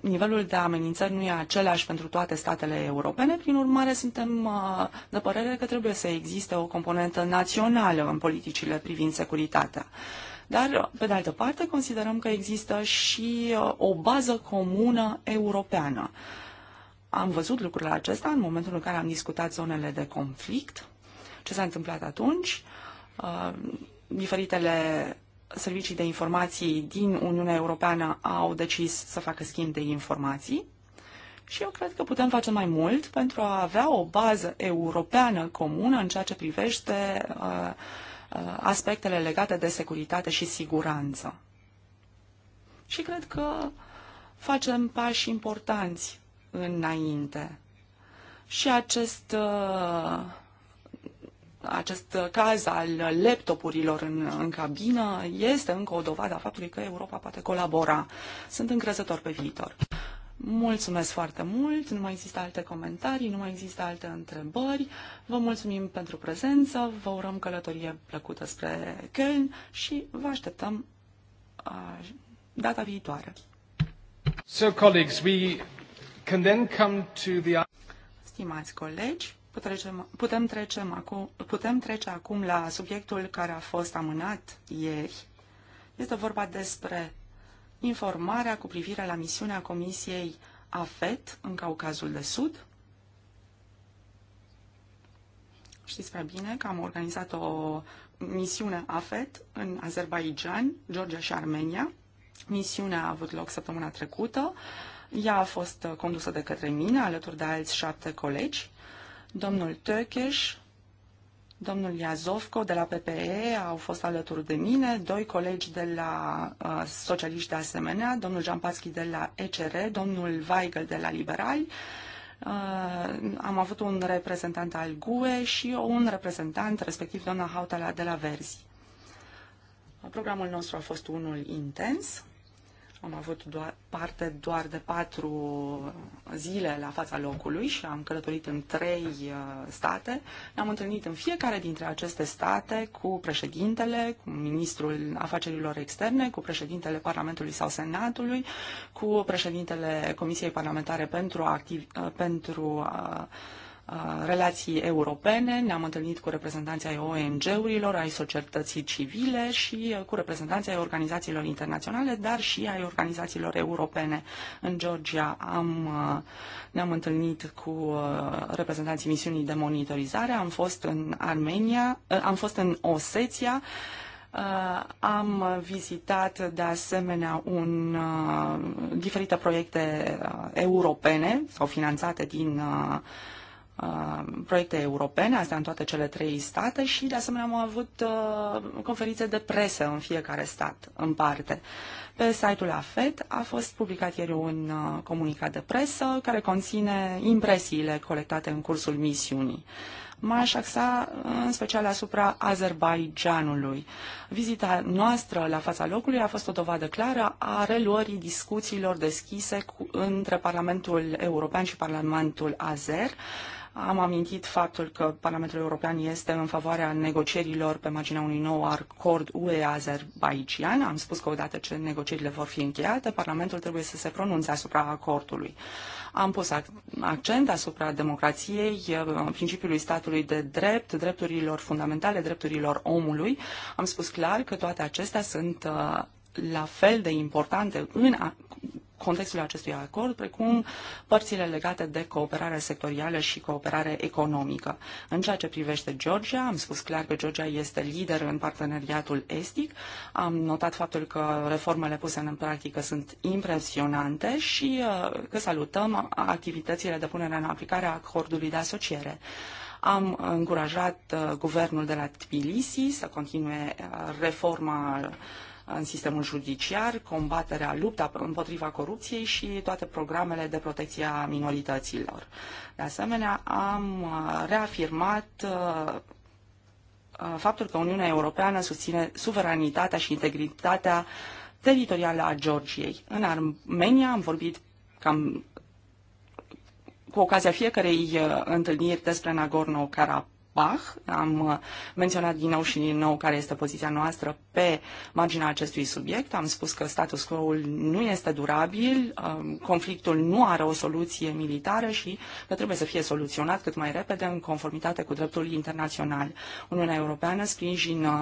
nivelul de amenințări nu e același pentru toate statele europene, prin urmare suntem uh, de părere că trebuie să existe o componentă națională în politicile privind securitatea. Dar, pe de altă parte, considerăm că există și uh, o bază comună europeană. Am văzut lucrurile acestea în momentul în care am discutat zonele de conflict, ce s-a întâmplat atunci, uh, diferitele servicii de informații din Uniunea Europeană au decis să facă schimb de informații și eu cred că putem face mai mult pentru a avea o bază europeană comună în ceea ce privește uh, uh aspectele legate de securitate și siguranță. Și cred că facem pași importanți înainte. Și acest uh, acest caz al laptopurilor în, în cabină este încă o dovadă a faptului că Europa poate colabora. Sunt încrezător pe viitor. Mulțumesc foarte mult, nu mai există alte comentarii, nu mai există alte întrebări. Vă mulțumim pentru prezență, vă urăm călătorie plăcută spre Köln și vă așteptăm uh, data viitoare. So, colleagues, we can then come to the... Stimați colegi, putem, putem, trece acum, putem trece acum la subiectul care a fost amânat ieri. Este vorba despre informarea cu privire la misiunea Comisiei AFET în Caucazul de Sud. Știți prea bine că am organizat o misiune AFET în Azerbaijan, Georgia și Armenia. Misiunea a avut loc săptămâna trecută. Ea a fost condusă de către mine, alături de alți șapte colegi. Domnul Tökeș, domnul Iazovco de la PPE au fost alături de mine, doi colegi de la uh, socialiști de asemenea, domnul Jampatski de la ECR, domnul Weigel de la Liberali, uh, am avut un reprezentant al GUE și un reprezentant, respectiv doamna Hautala de la Verzi. Programul nostru a fost unul intens. Am avut doar, parte doar de patru zile la fața locului și am călătorit în trei uh, state. Ne-am întâlnit în fiecare dintre aceste state cu președintele, cu ministrul afacerilor externe, cu președintele Parlamentului sau Senatului, cu președintele Comisiei Parlamentare pentru, activ, uh, pentru uh, relații europene, ne-am întâlnit cu reprezentanții ai ONG-urilor, ai societății civile și uh, cu reprezentanții ai organizațiilor internaționale, dar și ai organizațiilor europene. În Georgia am, uh, ne-am întâlnit cu uh, reprezentanții misiunii de monitorizare, am fost în Armenia, am fost în Oseția, am vizitat de asemenea un, diferite proiecte europene sau finanțate din Uh, proiecte europene, astea în toate cele trei state și de asemenea am avut uh, conferințe de presă în fiecare stat în parte. Pe site-ul AFET a fost publicat ieri un uh, comunicat de presă care conține impresiile colectate în cursul misiunii. M-aș axa în special asupra Azerbaijanului. Vizita noastră la fața locului a fost o dovadă clară a reluării discuțiilor deschise cu, între Parlamentul European și Parlamentul Azer, uh, am amintit faptul că Parlamentul European este în favoarea negocierilor pe marginea unui nou acord ue azerbaijan Am spus că odată ce negocierile vor fi încheiate, Parlamentul trebuie să se pronunțe asupra acordului. Am pus accent asupra democrației, eh, principiului statului de drept, drepturilor fundamentale, drepturilor omului. Am spus clar că toate acestea sunt eh, la fel de importante în contextul acestui acord, precum părțile legate de cooperare sectorială și cooperare economică. În ceea ce privește Georgia, am spus clar că Georgia este lider în parteneriatul estic, am notat faptul că reformele puse în practică sunt impresionante și uh, că salutăm activitățile de punere în aplicare a acordului de asociere am încurajat uh, guvernul de la Tbilisi să continue uh, reforma în sistemul judiciar, combaterea, lupta împotriva corupției și toate programele de protecție a minorităților. De asemenea, am uh, reafirmat uh, uh, faptul că Uniunea Europeană susține suveranitatea și integritatea teritorială a Georgiei. În Armenia am vorbit cam cu ocazia fiecarei întâlniri despre Nagorno-Karabakh Bach. Am uh, menționat din nou și din nou care este poziția noastră pe marginea acestui subiect. Am spus că status quo-ul nu este durabil, um, conflictul nu are o soluție militară și că trebuie să fie soluționat cât mai repede în conformitate cu dreptul internațional. Uniunea Europeană sprijină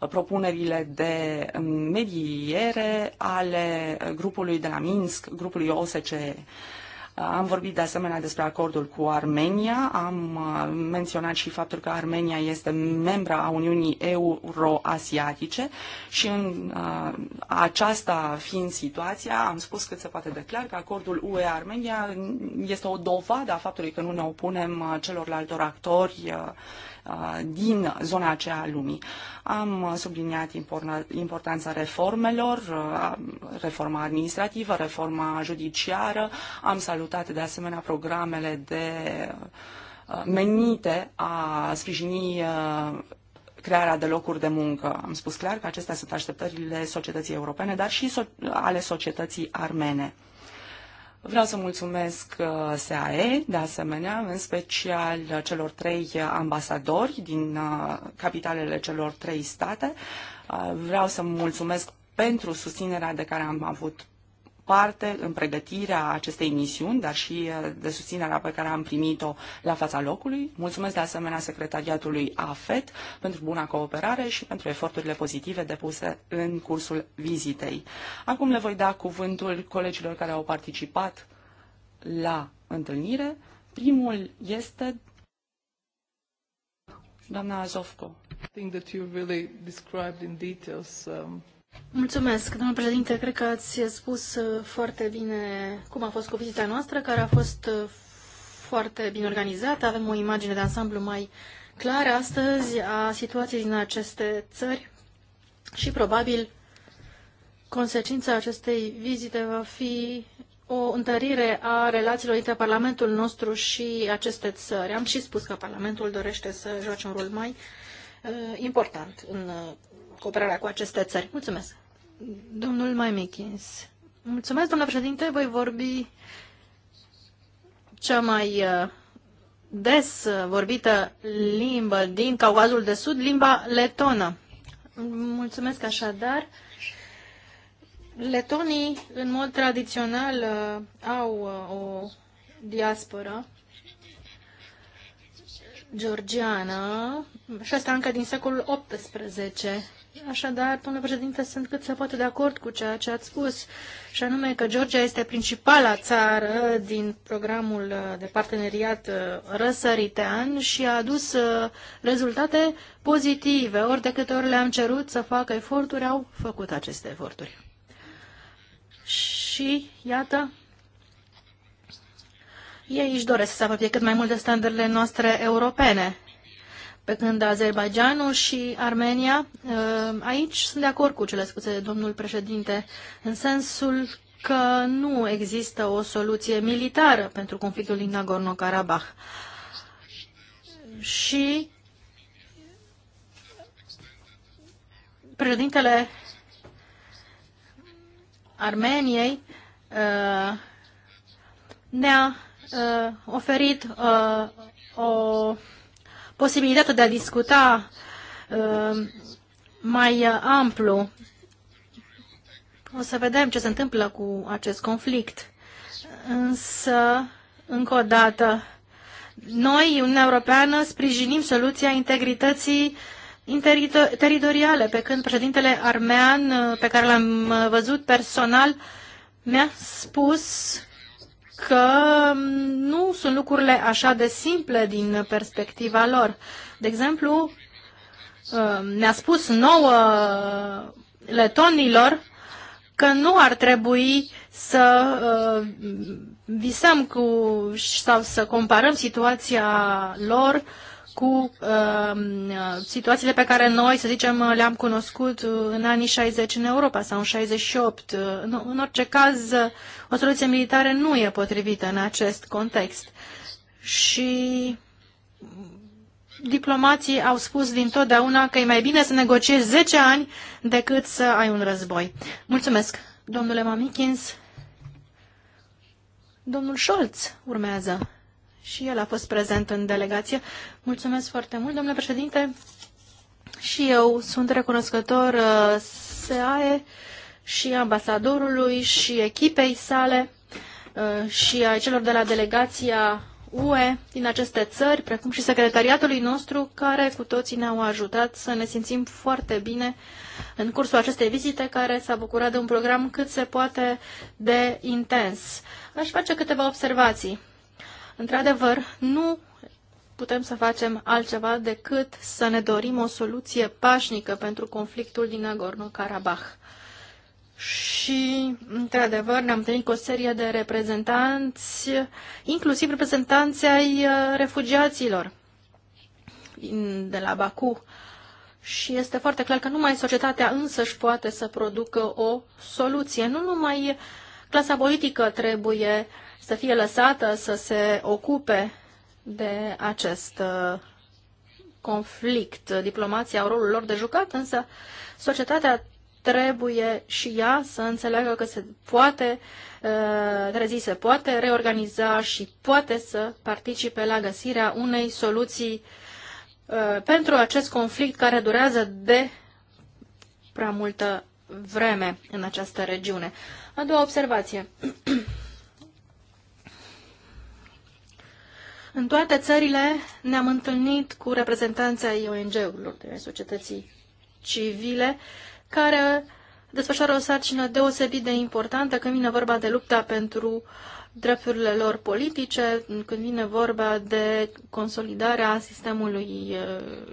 uh, propunerile de mediere ale grupului de la Minsk, grupului OSCE. Am vorbit de asemenea despre acordul cu Armenia, am uh, menționat și faptul că Armenia este membra a Uniunii Euroasiatice și în uh, aceasta fiind situația, am spus cât se poate clar că acordul UE-Armenia este o dovadă a faptului că nu ne opunem uh, celorlalți actori Uh, din zona aceea a lumii. Am uh, subliniat importanța reformelor, uh, reforma administrativă, reforma judiciară, am salutat de asemenea programele de menite a sprijini crearea de locuri de muncă. Am spus clar că acestea sunt așteptările societății europene, dar și ale societății armene. Vreau să mulțumesc uh, SAE, de asemenea, în special celor trei ambasadori din uh, capitalele celor trei state. Uh, vreau să mulțumesc pentru susținerea de care am avut parte în pregătirea acestei misiuni, dar și uh, de susținerea pe care am primit-o la fața locului. Mulțumesc de asemenea secretariatului AFET pentru buna cooperare și pentru eforturile pozitive depuse în cursul vizitei. Acum le voi da cuvântul colegilor care au participat la întâlnire. Primul este doamna Azovco. I think that you really described in details um, Mulțumesc, domnul președinte. Cred că ați spus uh, foarte bine cum a fost cu vizita noastră, care a fost uh, foarte bine organizată. Avem o imagine de ansamblu mai clară astăzi a situației din aceste țări și probabil consecința acestei vizite va fi o întărire a relațiilor dintre Parlamentul nostru și aceste țări. Am și spus că Parlamentul dorește să joace un rol mai uh, important în cooperarea cu aceste țări. Mulțumesc. Domnul Maimichins. Mulțumesc, domnule președinte. Voi vorbi cea mai uh, des vorbită limbă din Caucazul de Sud, limba letonă. Mulțumesc așadar. Letonii, în mod tradițional, uh, au uh, o diasporă georgiană și asta încă din secolul XVIII. Așadar, domnule președinte, sunt cât se poate de acord cu ceea ce ați spus, și anume că Georgia este principala țară din programul de parteneriat uh, răsăritean și a adus uh, rezultate pozitive. Ori de câte ori le-am cerut să facă eforturi, au făcut aceste eforturi. Și, iată, ei își doresc să apropie cât mai mult de standardele noastre europene pe când Azerbaijanul și Armenia, ă, aici sunt de acord cu cele spuse de domnul președinte, în sensul că nu există o soluție militară pentru conflictul din Nagorno-Karabakh. Și președintele Armeniei ă, ne-a ă, oferit o posibilitatea de a discuta uh, mai uh, amplu. O să vedem ce se întâmplă cu acest conflict. Însă, încă o dată, noi, Uniunea Europeană, sprijinim soluția integrității teritoriale, pe când președintele armean, uh, pe care l-am văzut personal, mi-a spus că mm, nu sunt lucrurile așa de simple din perspectiva lor. De exemplu, mm, ne-a spus nouă letonilor că nu ar trebui să mm, visăm cu sau să comparăm situația lor uh, cu uh, situațiile pe care noi, să zicem, le-am cunoscut în anii 60 în Europa sau în 68. În, în orice caz, o soluție militară nu e potrivită în acest context. Și diplomații au spus dintotdeauna că e mai bine să negociezi 10 ani decât să ai un război. Mulțumesc, domnule Mamikins. Domnul Scholz urmează și el a fost prezent în delegație. Mulțumesc foarte mult, domnule președinte. Și eu sunt recunoscător uh, SAE și ambasadorului și echipei sale uh, și a celor de la delegația UE din aceste țări, precum și secretariatului nostru, care cu toții ne-au ajutat să ne simțim foarte bine în cursul acestei vizite, care s-a bucurat de un program cât se poate de intens. Aș face câteva observații. Într-adevăr, nu putem să facem altceva decât să ne dorim o soluție pașnică pentru conflictul din Nagorno-Karabakh. Și, într-adevăr, ne-am întâlnit cu o serie de reprezentanți, inclusiv reprezentanții ai uh, refugiaților de la Baku. Și este foarte clar că numai societatea însăși poate să producă o soluție. Nu numai clasa politică trebuie să fie lăsată să se ocupe de acest uh, conflict. Diplomația au rolul lor de jucat, însă societatea trebuie și ea să înțeleagă că se poate uh, trezi, se poate reorganiza și poate să participe la găsirea unei soluții uh, pentru acest conflict care durează de prea multă vreme în această regiune. A doua observație. În toate țările ne-am întâlnit cu reprezentanții ai ONG-urilor, de societății civile, care desfășoară o sarcină deosebit de importantă când vine vorba de lupta pentru drepturile lor politice, când vine vorba de consolidarea sistemului eh,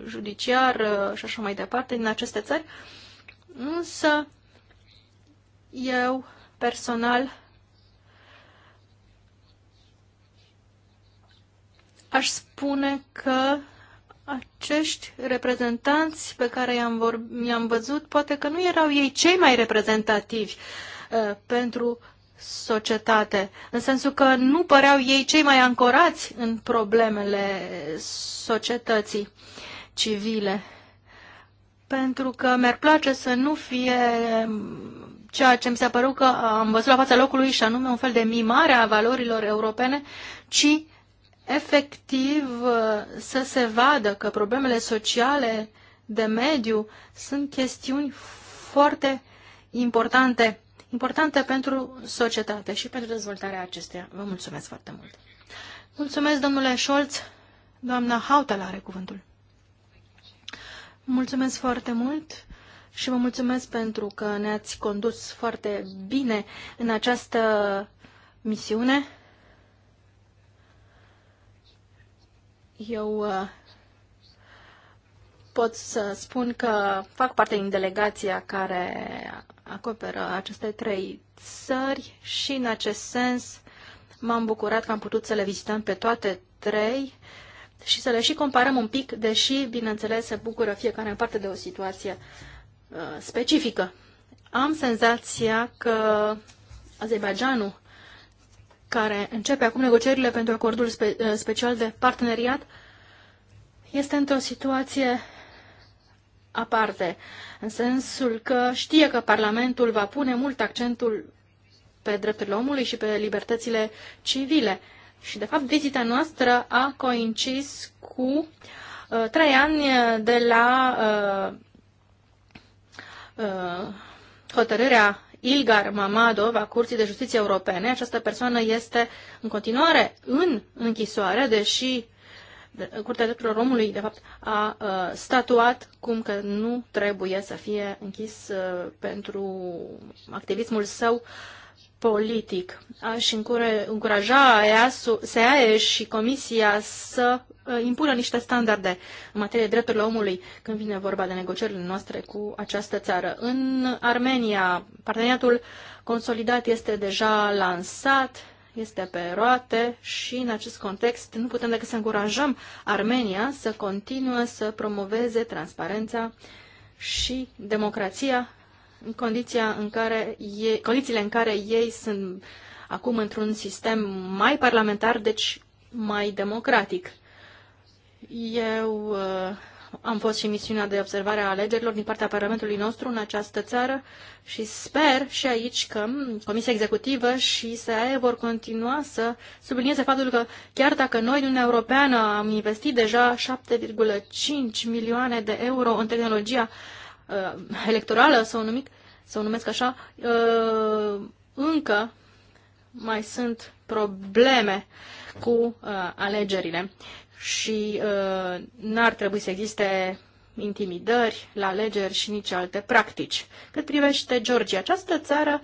judiciar eh, și așa mai departe din aceste țări. Însă, eu personal aș spune că acești reprezentanți pe care i-am, vorb- i-am văzut, poate că nu erau ei cei mai reprezentativi uh, pentru societate, în sensul că nu păreau ei cei mai ancorați în problemele societății civile. Pentru că mi-ar place să nu fie um, ceea ce mi s-a părut că am văzut la fața locului și anume un fel de mimare a valorilor europene, ci efectiv uh, să se vadă că problemele sociale de mediu sunt chestiuni foarte importante, importante pentru societate și pentru dezvoltarea acesteia. Vă mulțumesc foarte mult! Mulțumesc, domnule Scholz. Doamna Hautel are cuvântul. Mulțumesc foarte mult și vă mulțumesc pentru că ne-ați condus foarte bine în această misiune Eu uh, pot să spun că fac parte din delegația care acoperă aceste trei țări și în acest sens m-am bucurat că am putut să le vizităm pe toate trei și să le și comparăm un pic, deși, bineînțeles, se bucură fiecare în parte de o situație uh, specifică. Am senzația că Azerbaijanul care începe acum negocierile pentru acordul spe, eh, special de parteneriat, este într-o situație aparte, în sensul că știe că Parlamentul va pune mult accentul pe drepturile omului și pe libertățile civile. Și, de fapt, vizita noastră a coincis cu uh, trei ani de la uh, uh, hotărârea Ilgar Mamadov a Curții de Justiție Europene. Această persoană este în continuare în închisoare, deși Curtea Drepturilor Omului, de fapt, a uh, statuat cum că nu trebuie să fie închis uh, pentru activismul său uh, politic. Aș încuraja să SEAE și Comisia să uh, impună niște standarde în materie de drepturile omului când vine vorba de negocierile noastre cu această țară. În Armenia, parteneriatul consolidat este deja lansat, este pe roate și în acest context nu putem decât să încurajăm Armenia să continue să promoveze transparența și democrația în condiția în care ei, condițiile în care ei sunt acum într-un sistem mai parlamentar, deci mai democratic. Eu uh, am fost și misiunea de observare a alegerilor din partea Parlamentului nostru în această țară și sper și aici că Comisia Executivă și SAE vor continua să sublinieze faptul că chiar dacă noi, Uniunea Europeană, am investit deja 7,5 milioane de euro în tehnologia uh, uh, electorală, să o, numic, să o numesc așa, uh, încă mai sunt probleme cu uh, alegerile și uh, n-ar trebui să existe intimidări la alegeri și nici alte practici. Cât privește Georgia, această țară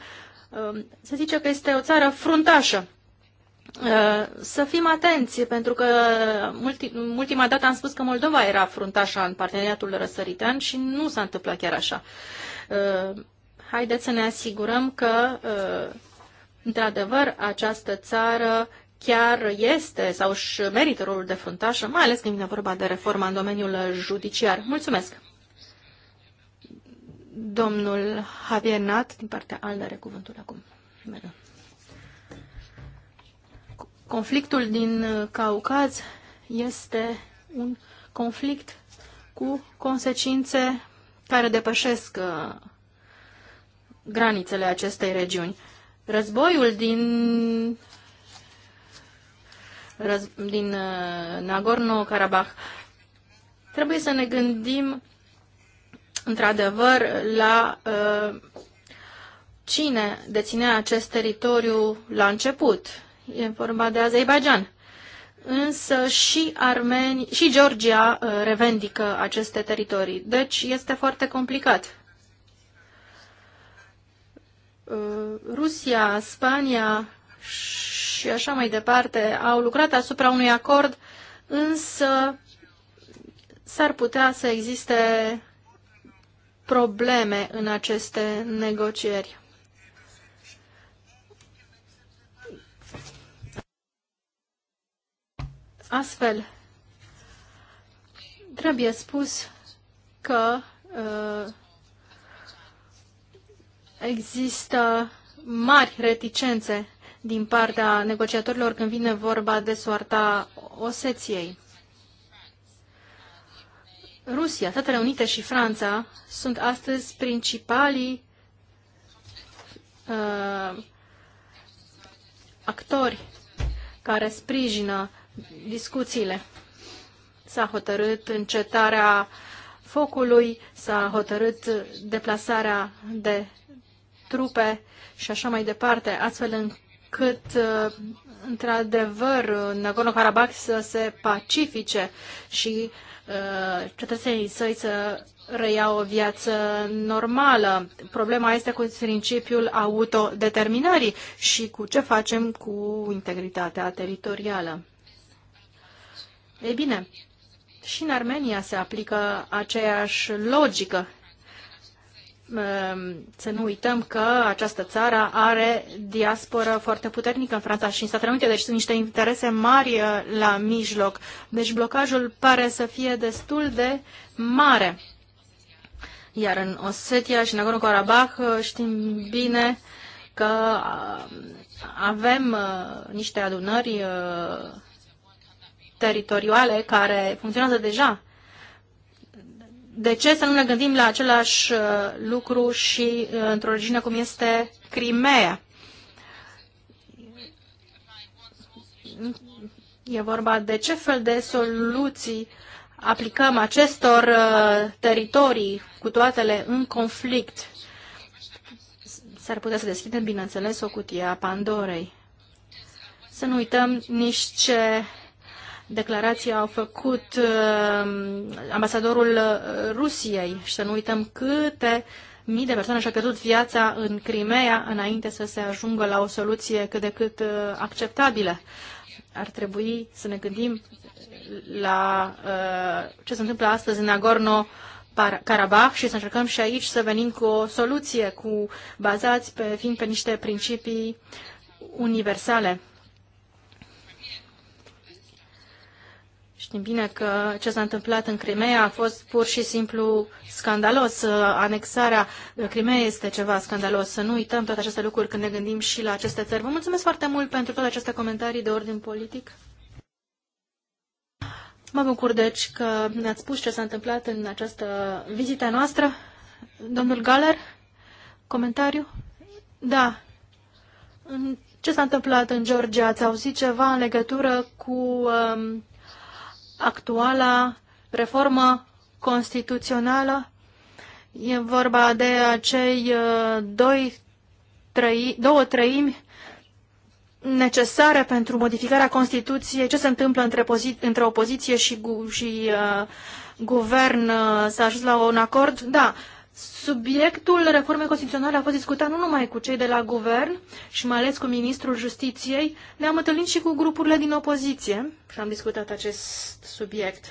uh, se zice că este o țară fruntașă Uh, să fim atenți, pentru că ultima dată am spus că Moldova era fruntașa în parteneriatul răsăritan și nu s-a întâmplat chiar așa. Uh, haideți să ne asigurăm că, uh, într-adevăr, această țară chiar este sau își merită rolul de fruntașă, mai ales când vine vorba de reforma în domeniul judiciar. Mulțumesc! Domnul Javier Nat, din partea ALDE, are cuvântul acum. Mereu. Conflictul din uh, Caucaz este un conflict cu consecințe care depășesc uh, granițele acestei regiuni. Războiul din, răz, din uh, Nagorno-Karabakh trebuie să ne gândim într-adevăr la uh, cine deținea acest teritoriu la început e vorba de Azerbaijan. Însă și armeni și Georgia uh, revendică aceste teritorii. Deci este foarte complicat. Uh, Rusia, Spania și așa mai departe au lucrat asupra unui acord, însă s-ar putea să existe probleme în aceste negocieri. Astfel, trebuie spus că uh, există mari reticențe din partea negociatorilor când vine vorba de soarta Oseției. Rusia, Statele Unite și Franța sunt astăzi principalii uh, actori care sprijină discuțiile. S-a hotărât încetarea focului, s-a hotărât deplasarea de trupe și așa mai departe, astfel încât, uh, într-adevăr, Nagorno-Karabakh să se pacifice și uh, cetățenii săi să reia o viață normală. Problema este cu principiul autodeterminării și cu ce facem cu integritatea teritorială. Ei bine, și în Armenia se aplică aceeași logică. Ehm, să nu uităm că această țară are diasporă foarte puternică în Franța și în Statele Unite, deci sunt niște interese mari eh, la mijloc. Deci blocajul pare să fie destul de mare. Iar în Osetia și Nagorno-Karabakh eh, știm bine că eh, avem niște adunări teritoriale care funcționează deja. De ce să nu ne gândim la același uh, lucru și uh, într-o regiune cum este Crimea? E vorba de ce fel de soluții aplicăm acestor uh, teritorii cu toatele în conflict. S-ar putea să deschidem, bineînțeles, o cutie a Pandorei. Să nu uităm nici ce declarație au făcut uh, ambasadorul uh, Rusiei și să nu uităm câte mii de persoane și-au pierdut viața în Crimea înainte să se ajungă la o soluție cât de cât uh, acceptabilă. Ar trebui să ne gândim la ce se întâmplă astăzi în Nagorno Karabakh și să încercăm și aici să venim cu o soluție cu bazați pe, fiind pe niște principii universale. Știm bine că ce s-a întâmplat în Crimea a fost pur și simplu scandalos. Anexarea Crimeei este ceva scandalos. Să nu uităm toate aceste lucruri când ne gândim și la aceste țări. Vă mulțumesc foarte mult pentru toate aceste comentarii de ordin politic. Mă bucur, deci, că ne-ați spus ce s-a întâmplat în această vizită noastră. Domnul Galer, comentariu? Da. Ce s-a întâmplat în Georgia? Ați auzit ceva în legătură cu um, actuala reformă constituțională. E vorba de acei uh, doi trăi, două trăimi necesare pentru modificarea Constituției, ce se întâmplă între, pozi, între opoziție și, și uh, guvern, uh, s-a ajuns la un acord? Da, Subiectul reformei constituționale a fost discutat nu numai cu cei de la guvern și mai ales cu ministrul justiției, ne-am întâlnit și cu grupurile din opoziție și am discutat acest subiect.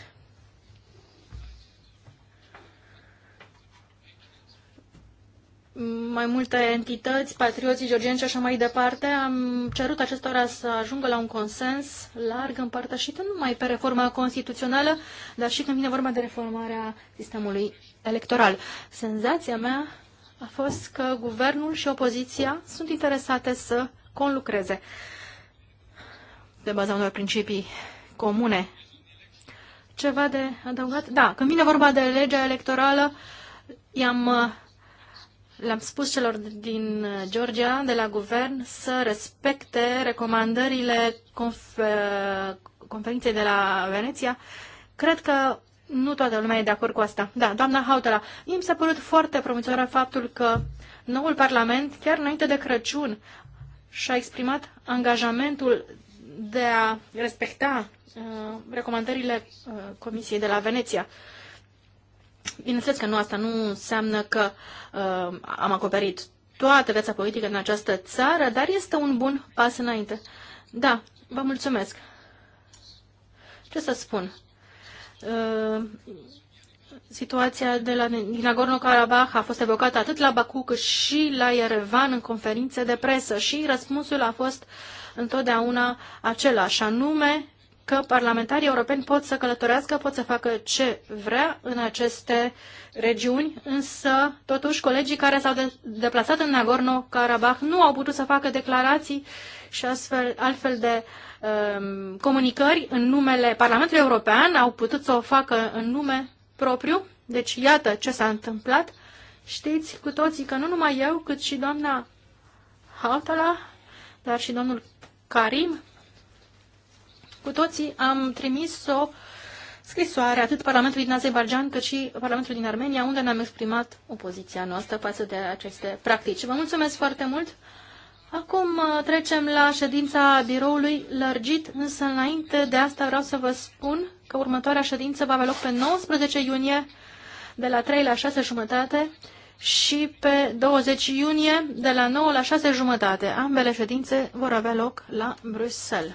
mai multe entități, patrioții georgieni și așa mai departe, am cerut acestora să ajungă la un consens larg împărtășit, nu numai pe reforma constituțională, dar și când vine vorba de reformarea sistemului electoral. Senzația mea a fost că guvernul și opoziția sunt interesate să conlucreze de baza unor principii comune. Ceva de adăugat? Da, când vine vorba de legea electorală, i-am le-am spus celor din Georgia, de la guvern, să respecte recomandările confer... conferinței de la Veneția. Cred că nu toată lumea e de acord cu asta. Da, doamna Hautala, mi s-a părut foarte promițoară faptul că noul Parlament, chiar înainte de Crăciun, și-a exprimat angajamentul de a respecta uh, recomandările uh, Comisiei de la Veneția. Bineînțeles că nu asta nu înseamnă că uh, am acoperit toată viața politică în această țară, dar este un bun pas înainte. Da, vă mulțumesc. Ce să spun? Uh, situația de la Nagorno-Karabakh a fost evocată atât la Baku cât și la Yerevan în conferințe de presă și răspunsul a fost întotdeauna același, anume că parlamentarii europeni pot să călătorească, pot să facă ce vrea în aceste regiuni, însă totuși colegii care s-au de deplasat în Nagorno-Karabakh nu au putut să facă declarații și astfel, altfel de um, comunicări în numele Parlamentului European, au putut să o facă în nume propriu. Deci iată ce s-a întâmplat. Știți cu toții că nu numai eu, cât și doamna Hautala, dar și domnul Karim, cu toții am trimis o scrisoare atât Parlamentului din Azerbaijan cât și Parlamentului din Armenia, unde ne-am exprimat opoziția noastră față de aceste practici. Vă mulțumesc foarte mult! Acum uh, trecem la ședința biroului lărgit, însă înainte de asta vreau să vă spun că următoarea ședință va avea loc pe 19 iunie de la 3 la 6 jumătate și pe 20 iunie de la 9 la 6 jumătate. Ambele ședințe vor avea loc la Bruxelles.